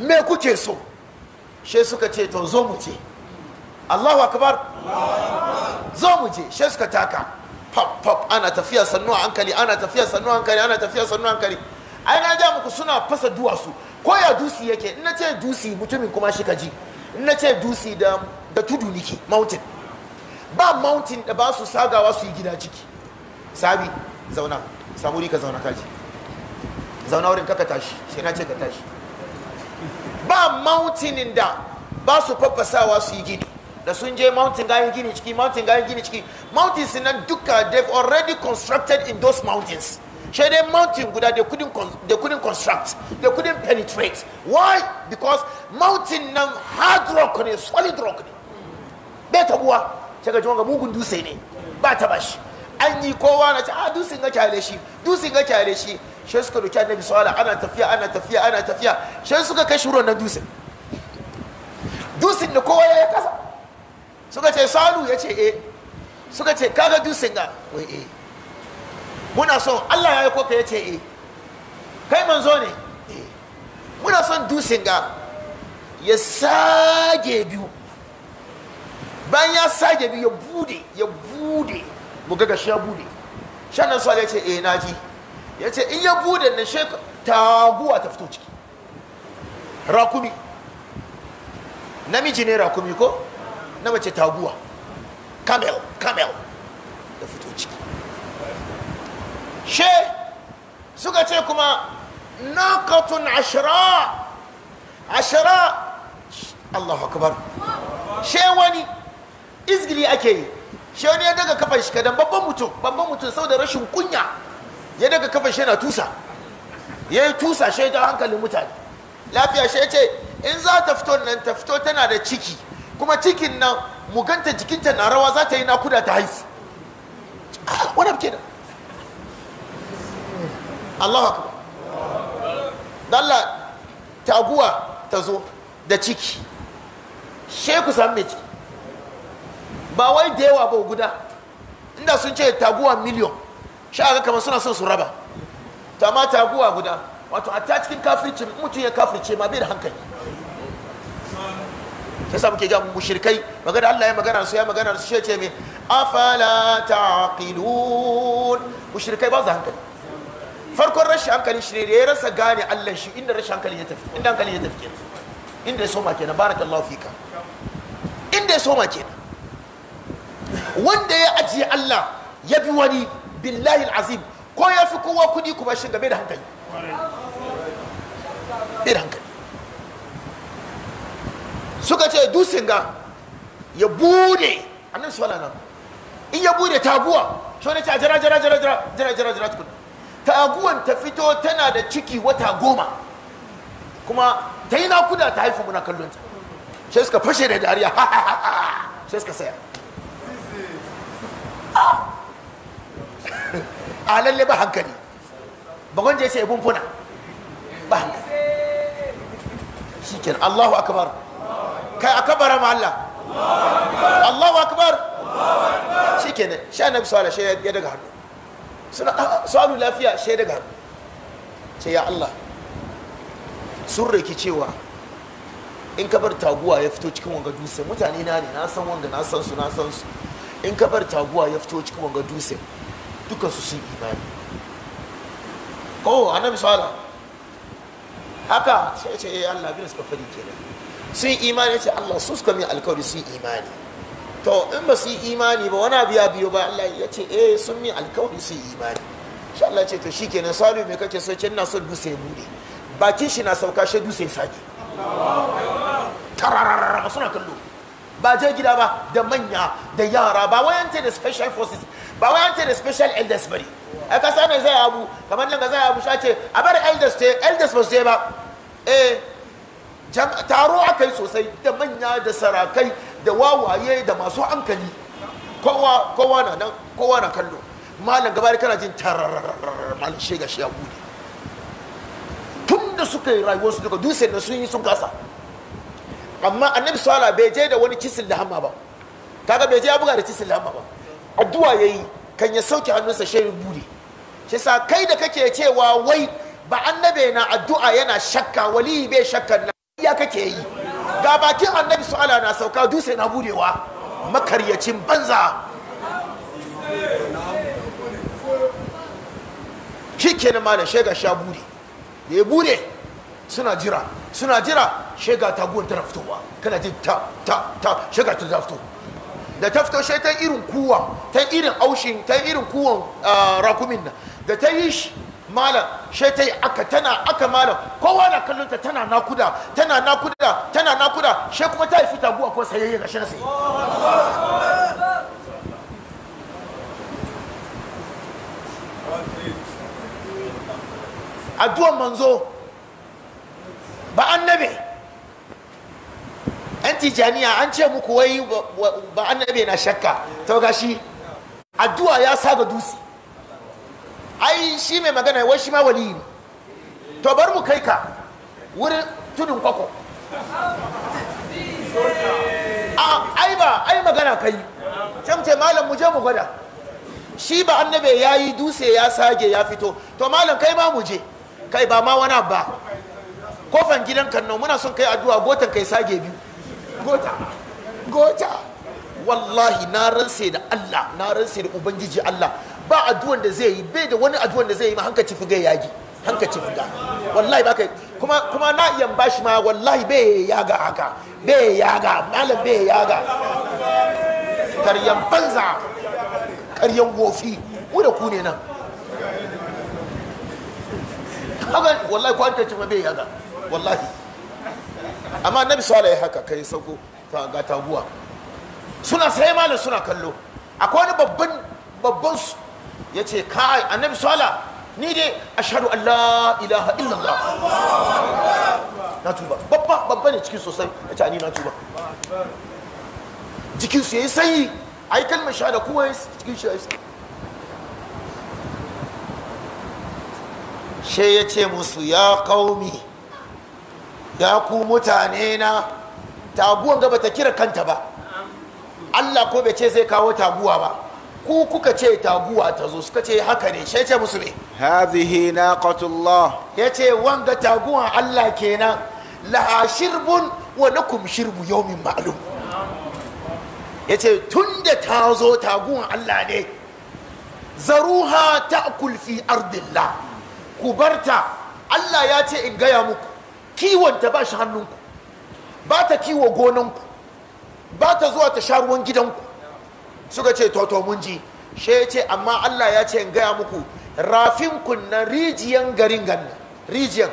me kuke so shi suka ce to zo mu ce allahu akbar zo mu je shi suka taka pop pop ana tafiya sannu a hankali ana tafiya sannu hankali ana tafiya sannu hankali ai na ja muku suna fasa duwatsu ko ya dusi yake in na ce dusi mutumin kuma shi ka ji in na ce dusi da da tudu nike mountain ba mountain da ba su sagawa su yi gida ciki sabi zauna samu ka zauna kaji zauna wurin ka tashi sai na ce ka tashi ba mountain da ba su fafasawa su yi gini da sun je mountain gayin gini ciki mountain gayin gini ciki mountains nan duka they've already constructed in those mountains Shey dai mountain guda they couldn't they couldn't construct they couldn't penetrate why because mountain nan hard rock ne solid rock ne bai tabuwa sai ga jonga mugun dutse ne ba ta bashi an yi kowa na ce a dutsen ga kyale shi dutsen ga kyale shi Shey suka duki annabi sallallahu ana tafiya ana tafiya ana tafiya Shey suka kai shuro na dutsen dutsen da kowa ya kasa suka ce salu ya ce eh suka ce kaga dutsen ga wai eh muna son Allah ya yi koka ya ce e kai manzo ne eh, muna son dusin ga ya sage biyu bayan ya sage biyu ya bude ya bude mu ga gashi ya bude shannan sale ya ce e na ji ya ce in ya bude na shek taguwa ta fito ciki rakumi namiji ne rakumi ko na mace taguwa camel camel da fito ciki she suka ce kuma nakatun ashira ashira allahu akbar she wani izgili ake yi she wani ya daga kafa shi kadan babban mutum babban mutum sau da rashin kunya ya daga kafa shi yana tusa ya yi tusa shi ya hankalin mutane lafiya shi ce in za ta fito nan ta fito tana da ciki kuma cikin nan muganta jikinta na rawa za ta yi nakuda ta haifu ah, wani kenan Allah haka dalla taguwa ta zo da ciki she ku san me ciki ba wai da yawa ba guda inda sun ce taguwa miliyon sha ga kamar suna son su raba ta ma taguwa guda wato a ta cikin kafirci mutum ya kafirce ma bai da hankali sai sa muke mu mushrikai magana Allah ya magana su ya magana su shi ce mai afala taqilun mushrikai ba su hankali farkon rashin hankali shi ne da ya rasa gane Allah shi inda rashin hankali ya tafi inda hankali ya tafi kenan inda ya soma kenan barakallahu fika inda ya soma kenan wanda ya ajiye Allah ya bi wani billahi azim ko ya fi kowa kudi kuma shi game da hankali bai da hankali suka ce dusin ga ya bude annan su nan in ya bude tabuwa shi wani ce a jira jira jira jira jira jira jira taguwan ta fito tana da ciki wata goma kuma ta yi nakuda ta haifu muna kallon ta sai suka fashe da dariya sai suka saya ah! a lalle ba hankali bagon je sai bumfuna ba hankali ke allahu akabar kai akabara ma allah allahu ke ne sha nabi sallallahu alaihi shi ya daga hannu suna sa'adu lafiya shai daga ce ya Allah sun raki cewa in ka bar taguwa ya fito cikin wanga dutse mutane na ne na san wanga na san su na san su in ka bar taguwa ya fito cikin wanga dutse dukan su sun imani oh annabi sala haka sai ce eh Allah bin suka fadi kenan sun imani ce Allah su suka min alkawari sun imani to in ba su yi imani ba wani abu ya biyo ba Allah ya ce eh sun min alkawari su yi imani insha Allah ce to shikenan salu me kake so kin na so dutse ya bude bakin shi na sauka shi dutse ya sake tarararara suna kallo ba je gida ba da manya da yara ba wayan ta da special forces ba wayan ta da special elders bari a kasa ne zai abu kamar nan ga zai abu sha ce a bar elders te elders ba su ba eh taro akai sosai da manya da sarakai da wawaye da masu hankali kowa na nan kowa na kallo malam gaba kana jin tarar malam shi ya gudu tun da suka yi rayuwar su duka dutse na sun yi sun kasa amma annabi sala bai je da wani cisil da hama ba kaga bai je ya da cisil da hama ba addu'a yayi kan ya sauke hannunsa shi ya bude shi sa kai da kake cewa wai ba annabe na addu'a yana shakka wali bai shakkan na iya kake yi ga bakin annabi ala na sauka dutse na budewa makaryacin banza shi kenan da shega sha bude da ya bude suna jira suna jira shega ta guwan tana fitowa kana ji ta ta ta shega ta fito da ta fito shi ta irin kuwa ta irin aushin ta irin kuwan ah, rakumin da ta yi shi malam shai ta yi aka tana aka malam kowa na kallon ta tana nakuda tana nakuda tana nakuda shai kuma ta yi fita guwa ko sayayya ga shan sai addu'ar manzo ba annabi an tijaniya an ce muku wai ba annabi na shakka to gashi addu'a ya saba dutse ai shi mai magana wai shi ma wali ne to bar mu kai ka wurin tudun kwakwa ai ba ai magana kai can ce malam mu je mu gwada shi ba annabe ya yi dutse ya sage ya fito to malam kai ma mu je kai ba ma wani ba kofan gidan kanno muna son kai addu'a gotan kai sage biyu gota gota wallahi na ranse da Allah na ranse da ubangiji Allah ba addu'an da zai yi bai da wani addu'an da zai yi ma hankaci fuga yagi hankaci fuga wallahi ba baka kuma kuma na iya bashi ma wallahi bai yaga haka bai yaga malam bai yaga karyan banza karyan wofi mu da ku ne nan haka wallahi ku an ma bai yaga wallahi amma nabi sallallahu ya haka kai sauko ga taguwa suna sai malam suna kallo akwai wani babban babban ya ce kai annabi sola ni dai ashadu allah ilaha illallah na tuba babba babba ne cikin sosai ya ce ni na tuba jikinsu ya yi sanyi a yi kalmar da kowa ya cikin shi ya yi she ya ce musu ya kaumi ya ku mutane na taguwan gaba ta kira kanta ba allah ko bai ce zai kawo taguwa ba ku kuka ce taguwa ta zo suka ce haka ne shai ce musu ne hadhihi naqatullah yace wanga taguwan Allah kenan laha shirbun wa lakum shirbu yawmin ma'lum yace tunda ta zo taguwan Allah ne zaruha ta'kul fi ardillah ku barta Allah ya ce in gaya muku kiwon ta ba shi hannunku ba ta kiwo gonanku ba ta zuwa ta sha ruwan gidanku suka ce to to mun ji she ya ce amma Allah ya ce in gaya muku rafin kunnan rijiyan garin ganna rijiyan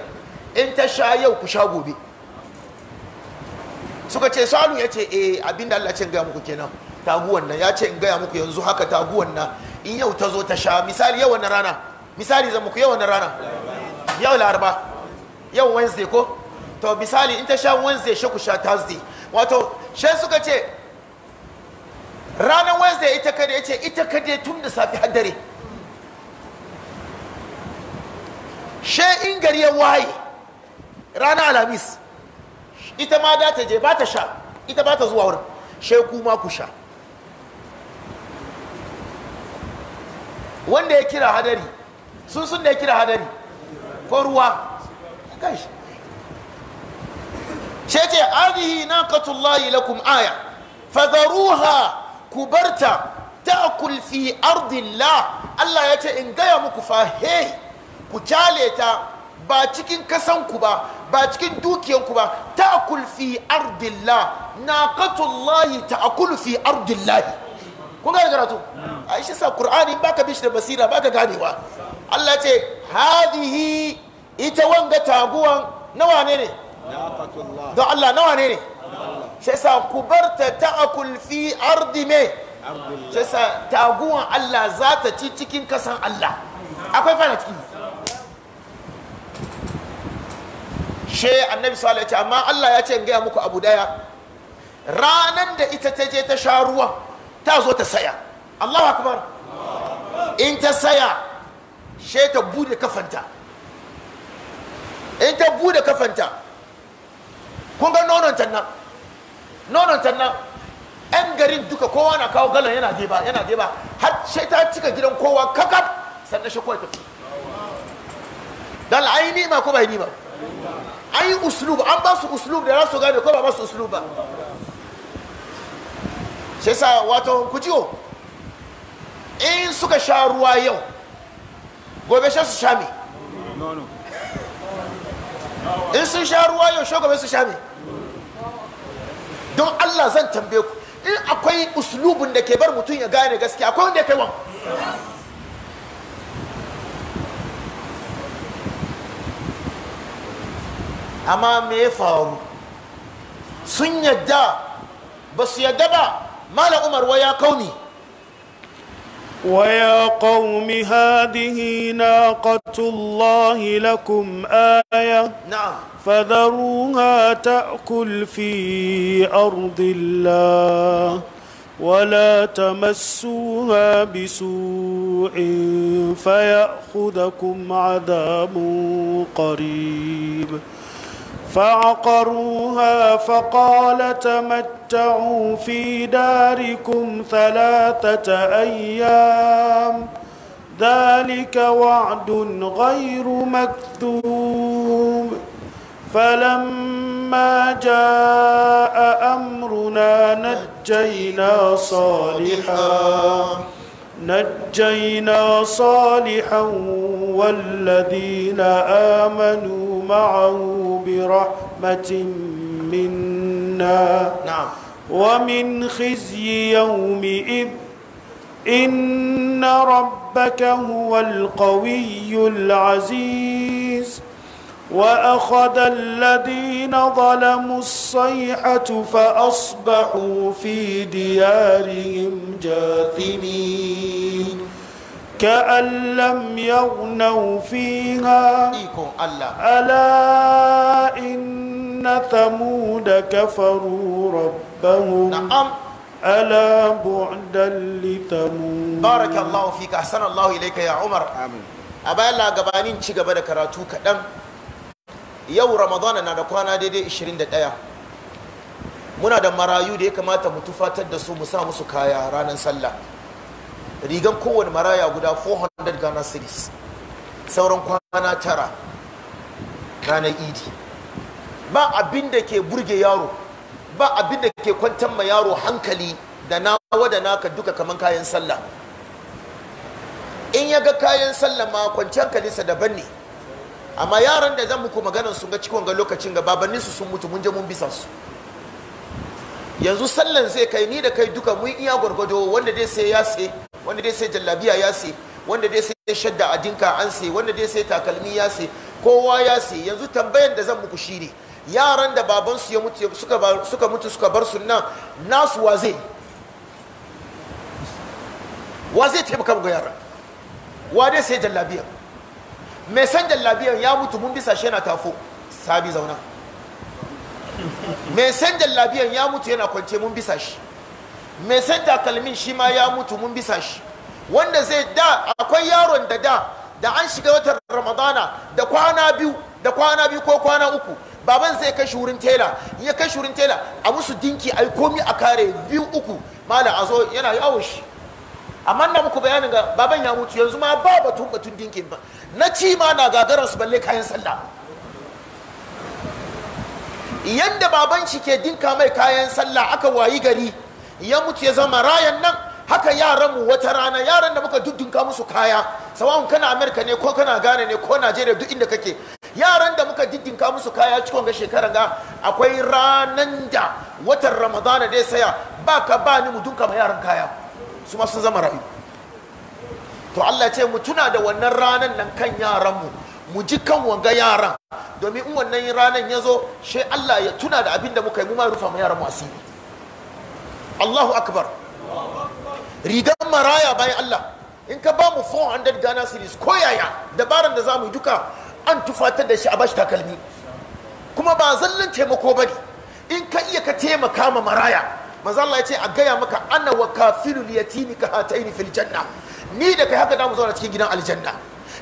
in ta sha yau ku sha gobe suka ce salu ya ce e eh, abinda Allah ce in gaya muku kenan taguwan nan ya ce in gaya muku yanzu haka taguwan nan in yau ta zo ta sha misali yau na rana misali zan muku yau na rana yau laraba yau wednesday ko to misali in ta sha wednesday shi ku sha thursday wato shi suka ce ranar wednesday ita kade ya ce ita kade tun da safi haddare. she in gari ya waye ranar alhamis ita ma da ta je ba ta sha ita ba ta zuwa wurin she kuma ku sha wanda ya kira hadari sun sun da ya kira hadari ko ruwa kai she ce na katullahi lakum aya fadharuha ku barta ta'kul fi ardillah Allah ya ce in gaya muku fa he ku kyale ta ba cikin kasanku ba ba cikin dukiyanku ba ta fi ardillah naqatullahi ta'kul fi ardillah kun ga karatu a shi sa qur'ani baka bishi da basira baka ganewa Allah ya ce hadihi ita wanga taguwan nawa ne ne don Allah nawa ne ne shesa kubarta ku ta ta'akul fi ardi me shesa taguwan Allah za ta ci cikin kasan Allah akwai fana ciki she annabi sallallahu alaihi amma Allah ya ce in gaya muku abu daya ranan da ita ta je ta sha ruwa, ta zo ta saya Allahu akbar in ta saya she ta bude kafanta in ta bude kafanta kun ga nonon nan nonon sannan yan garin duka kowa na kawo galon yana ba yana ba har sai ta cika gidan kowa kakaf sannan shi kowai tafi dan ayi ni ma ko bai ni ba ai uslub an ba su uslub da rasu su gane ko ba ba su uslub ba shi sa wato ku in suka sha ruwa yau gobe sha su sha me in sun sha ruwa yau shi gobe su sha me don Allah zan tambaye ku in akwai uslubin da ke bar mutum ya gane gaskiya akwai wanda ya kai amma me ya faru sun yadda ba su yadda ba malam umar wa ya kauni ويا قوم هذه ناقة الله لكم آية نعم فذروها تأكل في أرض الله ولا تمسوها بسوء فيأخذكم عذاب قريب فعقروها فقال تمتعوا في داركم ثلاثة أيام ذلك وعد غير مكذوب فلما جاء أمرنا نجينا صالحاً نجينا صالحا والذين آمنوا معه برحمة منا نعم ومن خزي يومئذ إن ربك هو القوي العزيز وأخذ الذين ظلموا الصيحة فأصبحوا في ديارهم جاثمين كأن لم يغنوا فيها ألا إن ثمود كفروا ربهم نعم ألا بعدا لثمود بارك الله فيك أحسن الله إليك يا عمر آمين أبا لا قبانين شي قبل كراتو كدم yau ramadana na da kwana daidai 21 muna da marayu da ya kamata mu tufatar da su mu sa musu kaya ranar sallah rigan kowane maraya guda 400 ghana cities sauran kwana tara ranar idi ba abin da ke burge yaro ba abin da ke kwantar ma yaro hankali da nawa da naka duka kaman kayan sallah in ya ga kayan sallah ma kwanci hankalinsa daban ne amma yaran da zan muku maganar su ga cikin lokacin ga babanni su sun mutu mun je mun bisa su yanzu sallan zai kai ni da kai duka mun iya gwargwado wanda dai sai ya sai wanda dai sai jallabiya ya sai wanda dai sai shadda adinka an sai wanda dai sai takalmi ya sai kowa ya sai yanzu tambayan da zan muku shine yaran da su ya mutu suka suka mutu suka bar su nan nasu wa zai wa zai taimaka ga yaran wa dai sai jallabiya mai san jallabiyan ya mutu mun bisa shi yana tafo sabi zauna mai san jallabiyan ya mutu yana kwance mun bisa shi mai san takalmin shi ma ya mutu mun bisa shi wanda zai da akwai yaron da da da an shiga watan ramadana da kwana biyu da kwana biyu ko kwana uku baban zai kashi wurin tela ya kashi wurin tela a musu dinki ai komi a kare biyu uku mala a zo yana yawo shi amma na muku bayanin ga baban ya mutu yanzu ma ba batun batun dinkin ba na ci ma na gagarar su balle kayan sallah yadda baban shi ke dinka mai kayan sallah aka wayi gari ya mutu ya zama rayan nan haka yaran mu wata rana yaran da muka duddunka musu kaya sawa'un kana amerika ne ko kana ghana ne ko najeriya duk inda kake yaran da muka diddinka musu kaya cikon ga shekaran ga akwai ranan da watan ramadana da ya saya ba ka ba ni mu dunka ma yaran kaya su ma sun zama rayu to Allah ce mu tuna da wannan ranan nan kan yaran mu Mu ji kan wanga yaran domin in wannan ranan ya zo shi Allah ya tuna da abin da muka yi mu ma rufa ma yaranmu asiri Allahu akbar rigan maraya bayan Allah in ka ba mu 400 Ghana series ko yaya dabaran da zamu yi duka an tufatar da shi a bashi takalmi kuma ba zallan taimako bane in ka iya ka taimaka ma maraya manzo Allah ya ce a gaya maka ana wa kafilul yatimi ka hataini fil janna ni da kai haka da mu zauna cikin gidan aljanna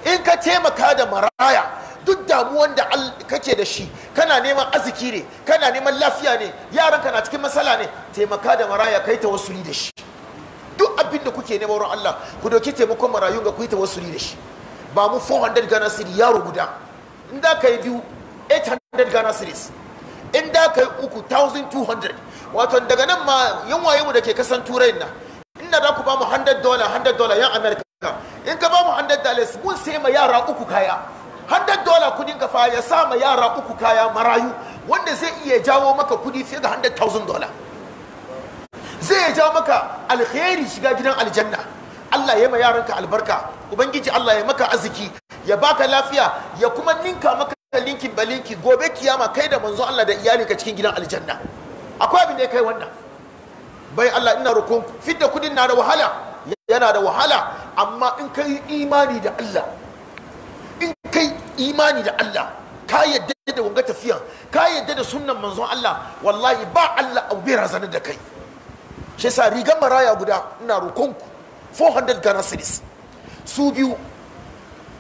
in ka taimaka da maraya duk damuwan da kake da shi kana neman arziki ne kana neman lafiya ne yaranka na cikin matsala ne taimaka da maraya kai tawassuli da shi duk abin da kuke nema wurin Allah ku doki taimakon marayu ga ku yi tawassuli da shi ba mu 400 Ghana cedis yaro guda in da kai biyu 800 Ghana cedis in da kai uku 1200 wato daga nan ma yan mu da ke kasan turai nan inda za ku ba mu 100 dollar 100 dollar yan america in ka ba mu 100 dollars mun sai ma yara uku kaya 100 dola kudin ka fa ya sa ma yara uku kaya marayu wanda zai iya jawo maka kudi fiye da 100,000 dola zai iya jawo maka alkhairi shiga gidan aljanna Allah ya ma yaranka albarka ubangiji Allah ya maka arziki ya baka lafiya ya kuma ninka maka linkin balinki gobe kiyama kai da manzo Allah da iyalinka cikin gidan aljanna akwai abin da ya kai wannan bai Allah ina roƙon fidda kudin na da wahala yana da wahala amma in kai imani da Allah in kai imani da Allah ka yadda da wanga tafiya ka yadda da sunnan manzon Allah wallahi ba Allah a bai razana da kai shi yasa rigar maraya guda ina rukun 400 gana series su biyu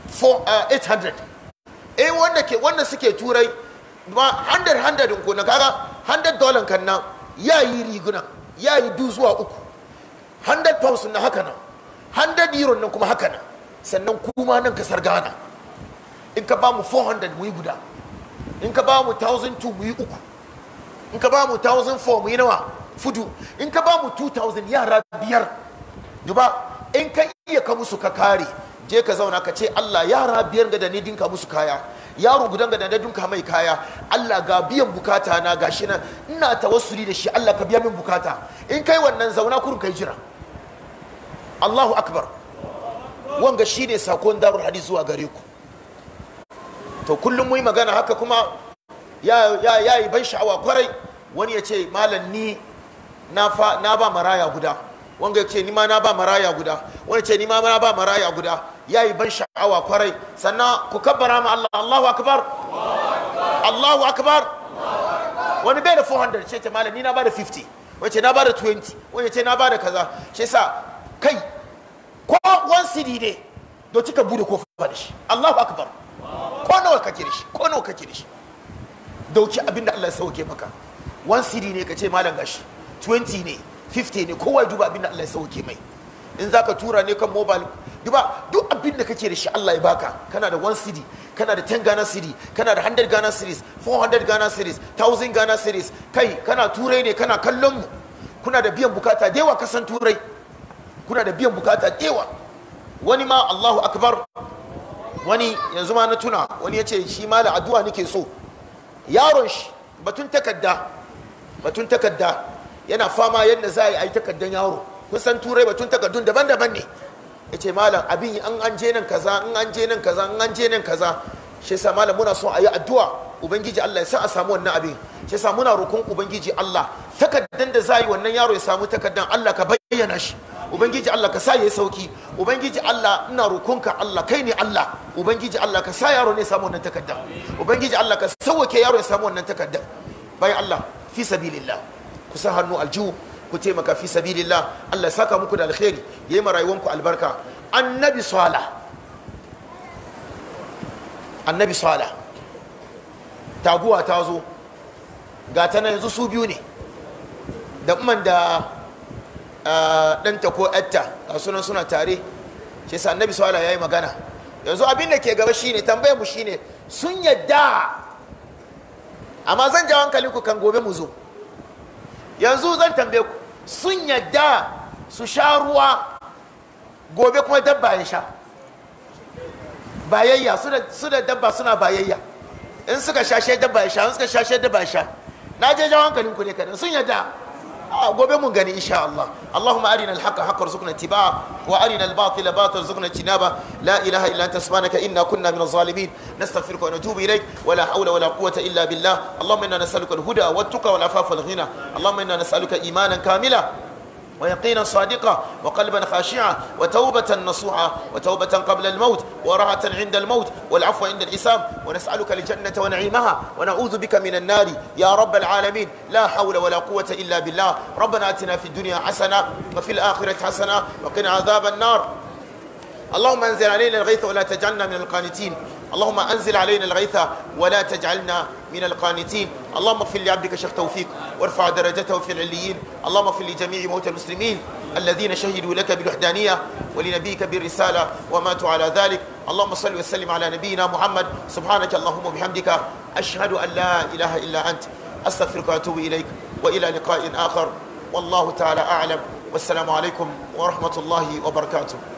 800 eh, eh wanda ke wanda suke turai 100 100 ko na kaga 100 dollar kan nan yi riguna ya yi du zuwa uku 100 pounds na haka nan 100 euro nan kuma haka nan sannan kuma nan kasar ghana in ka ba mu 400 mu yi guda in ka ba mu 1002 mu yi uku in ka ba mu 1004 mu yi nawa fudu in ka ba mu 2000 yara biyar duba in ka iya ka musu ka kare je ka zauna ka ce allah yara biyar ga da ni dinka musu kaya yaro gudan ga da dunka mai kaya Allah ga biyan bukata na gashi nan ina tawassuli da shi Allah ka biya min bukata in kai wannan zauna kurun kai jira Allahu akbar wanga ne sakon darul hadis zuwa gare ku to kullum mu yi magana haka kuma ya ya ya yi ban sha'awa kwarai wani ya ce malam ni na fa na ba maraya guda wanga ya ce ni ma na ba maraya guda wani ya ce ni ma na ba maraya guda ya yi ban sha'awa kwarai sannan ku kabbara ma Allah Allahu akbar Allahu akbar wani bai da 400 ce ce malami na ba da 50 wace na ba da 20 wace ce na ba da kaza shi sa kai ko wan cd ne do kika bude kofa da shi Allahu akbar ko nawa kake da shi ko nawa kake da shi dauki abinda Allah ya sauke maka wan cd ne ka ce malam gashi 20 ne 50 ne kowa duba abinda Allah ya sauke mai in zaka tura ne kan mobile duba duk abin da kake da shi Allah ya baka kana da 1 cd kana da 10 Ghana cd kana da 100 Ghana series 400 Ghana series 1000 Ghana series kai kana turai ne kana kallon mu kuna da biyan bukata dewa yawa kasan turai kuna da biyan bukata dewa wani ma Allahu akbar wani yanzu ma na tuna wani ya ce shi ma da addu'a nake so yaron shi batun takarda batun takarda yana fama yadda za a yi takardar yaro kun san turai batun takardun daban-daban ne ya ce malam abin an an je nan kaza in an je nan kaza in an je nan kaza shi sa malam muna son a yi addu'a ubangiji Allah ya sa a samu wannan abin shi sa muna rukun ubangiji Allah takaddan da za yi wannan yaro ya samu takaddan Allah ka bayyana shi ubangiji Allah ka sa ya sauki ubangiji Allah ina rukunka Allah kai ne Allah ubangiji Allah ka sa yaro ne ya samu wannan takaddan ubangiji Allah ka sauke yaro ya samu wannan takaddan bayan Allah fi sabilillah kusa hannu aljihu ku taimaka fi sabilillah Allah saka muku da alkhairi yayi ma rayuwanku albarka annabi salih annabi salih taguwa ta zo ga ta nan yanzu su biyu ne da umman da ah, ɗanta ko ɗanta ga sunan suna tare shi sa annabi ya yayi magana yanzu abin da ke gaba shine tambayar mu shine sun yadda amma zan ja hankali ku kan gobe mu zo yanzu zan tambaye ku sun yadda su sha ruwa gobe kuma dabba ya sha bayayya su da dabba suna bayayya in suka sha shai dabba ya sha in suka sha shai dabba ya sha na je jawon ku ne kadan sun yadda a ah, gobe mun gani insha Allah Allahumma arina al-haqqa haqqan warzuqna ittiba'a wa arina al-batila batilan warzuqna la ilaha illa anta subhanaka inna kunna min adh-dhalimin nastaghfiruka wa natubu ilayk wa la hawla wa la quwwata illa billah Allahumma inna nas'aluka al-huda wat-tuqa wal afafa wal ghina Allahumma inna nas'aluka imanan kamila ويقينا صادقا وقلبا خاشعا وتوبة نصوحة وتوبة قبل الموت وراحة عند الموت والعفو عند الحساب ونسألك الجنة ونعيمها ونعوذ بك من النار يا رب العالمين لا حول ولا قوة إلا بالله ربنا آتنا في الدنيا حسنة وفي الآخرة حسنة وقنا عذاب النار اللهم انزل علينا الغيث ولا تجعلنا من القانتين اللهم انزل علينا الغيث ولا تجعلنا من القانتين اللهم اغفر لعبدك شيخ توفيق وارفع درجته في العليين اللهم اغفر لجميع موتى المسلمين الذين شهدوا لك بالوحدانية ولنبيك بالرسالة وماتوا على ذلك اللهم صل وسلم على نبينا محمد سبحانك اللهم وبحمدك أشهد أن لا إله إلا أنت أستغفرك وأتوب إليك وإلى لقاء آخر والله تعالى أعلم والسلام عليكم ورحمة الله وبركاته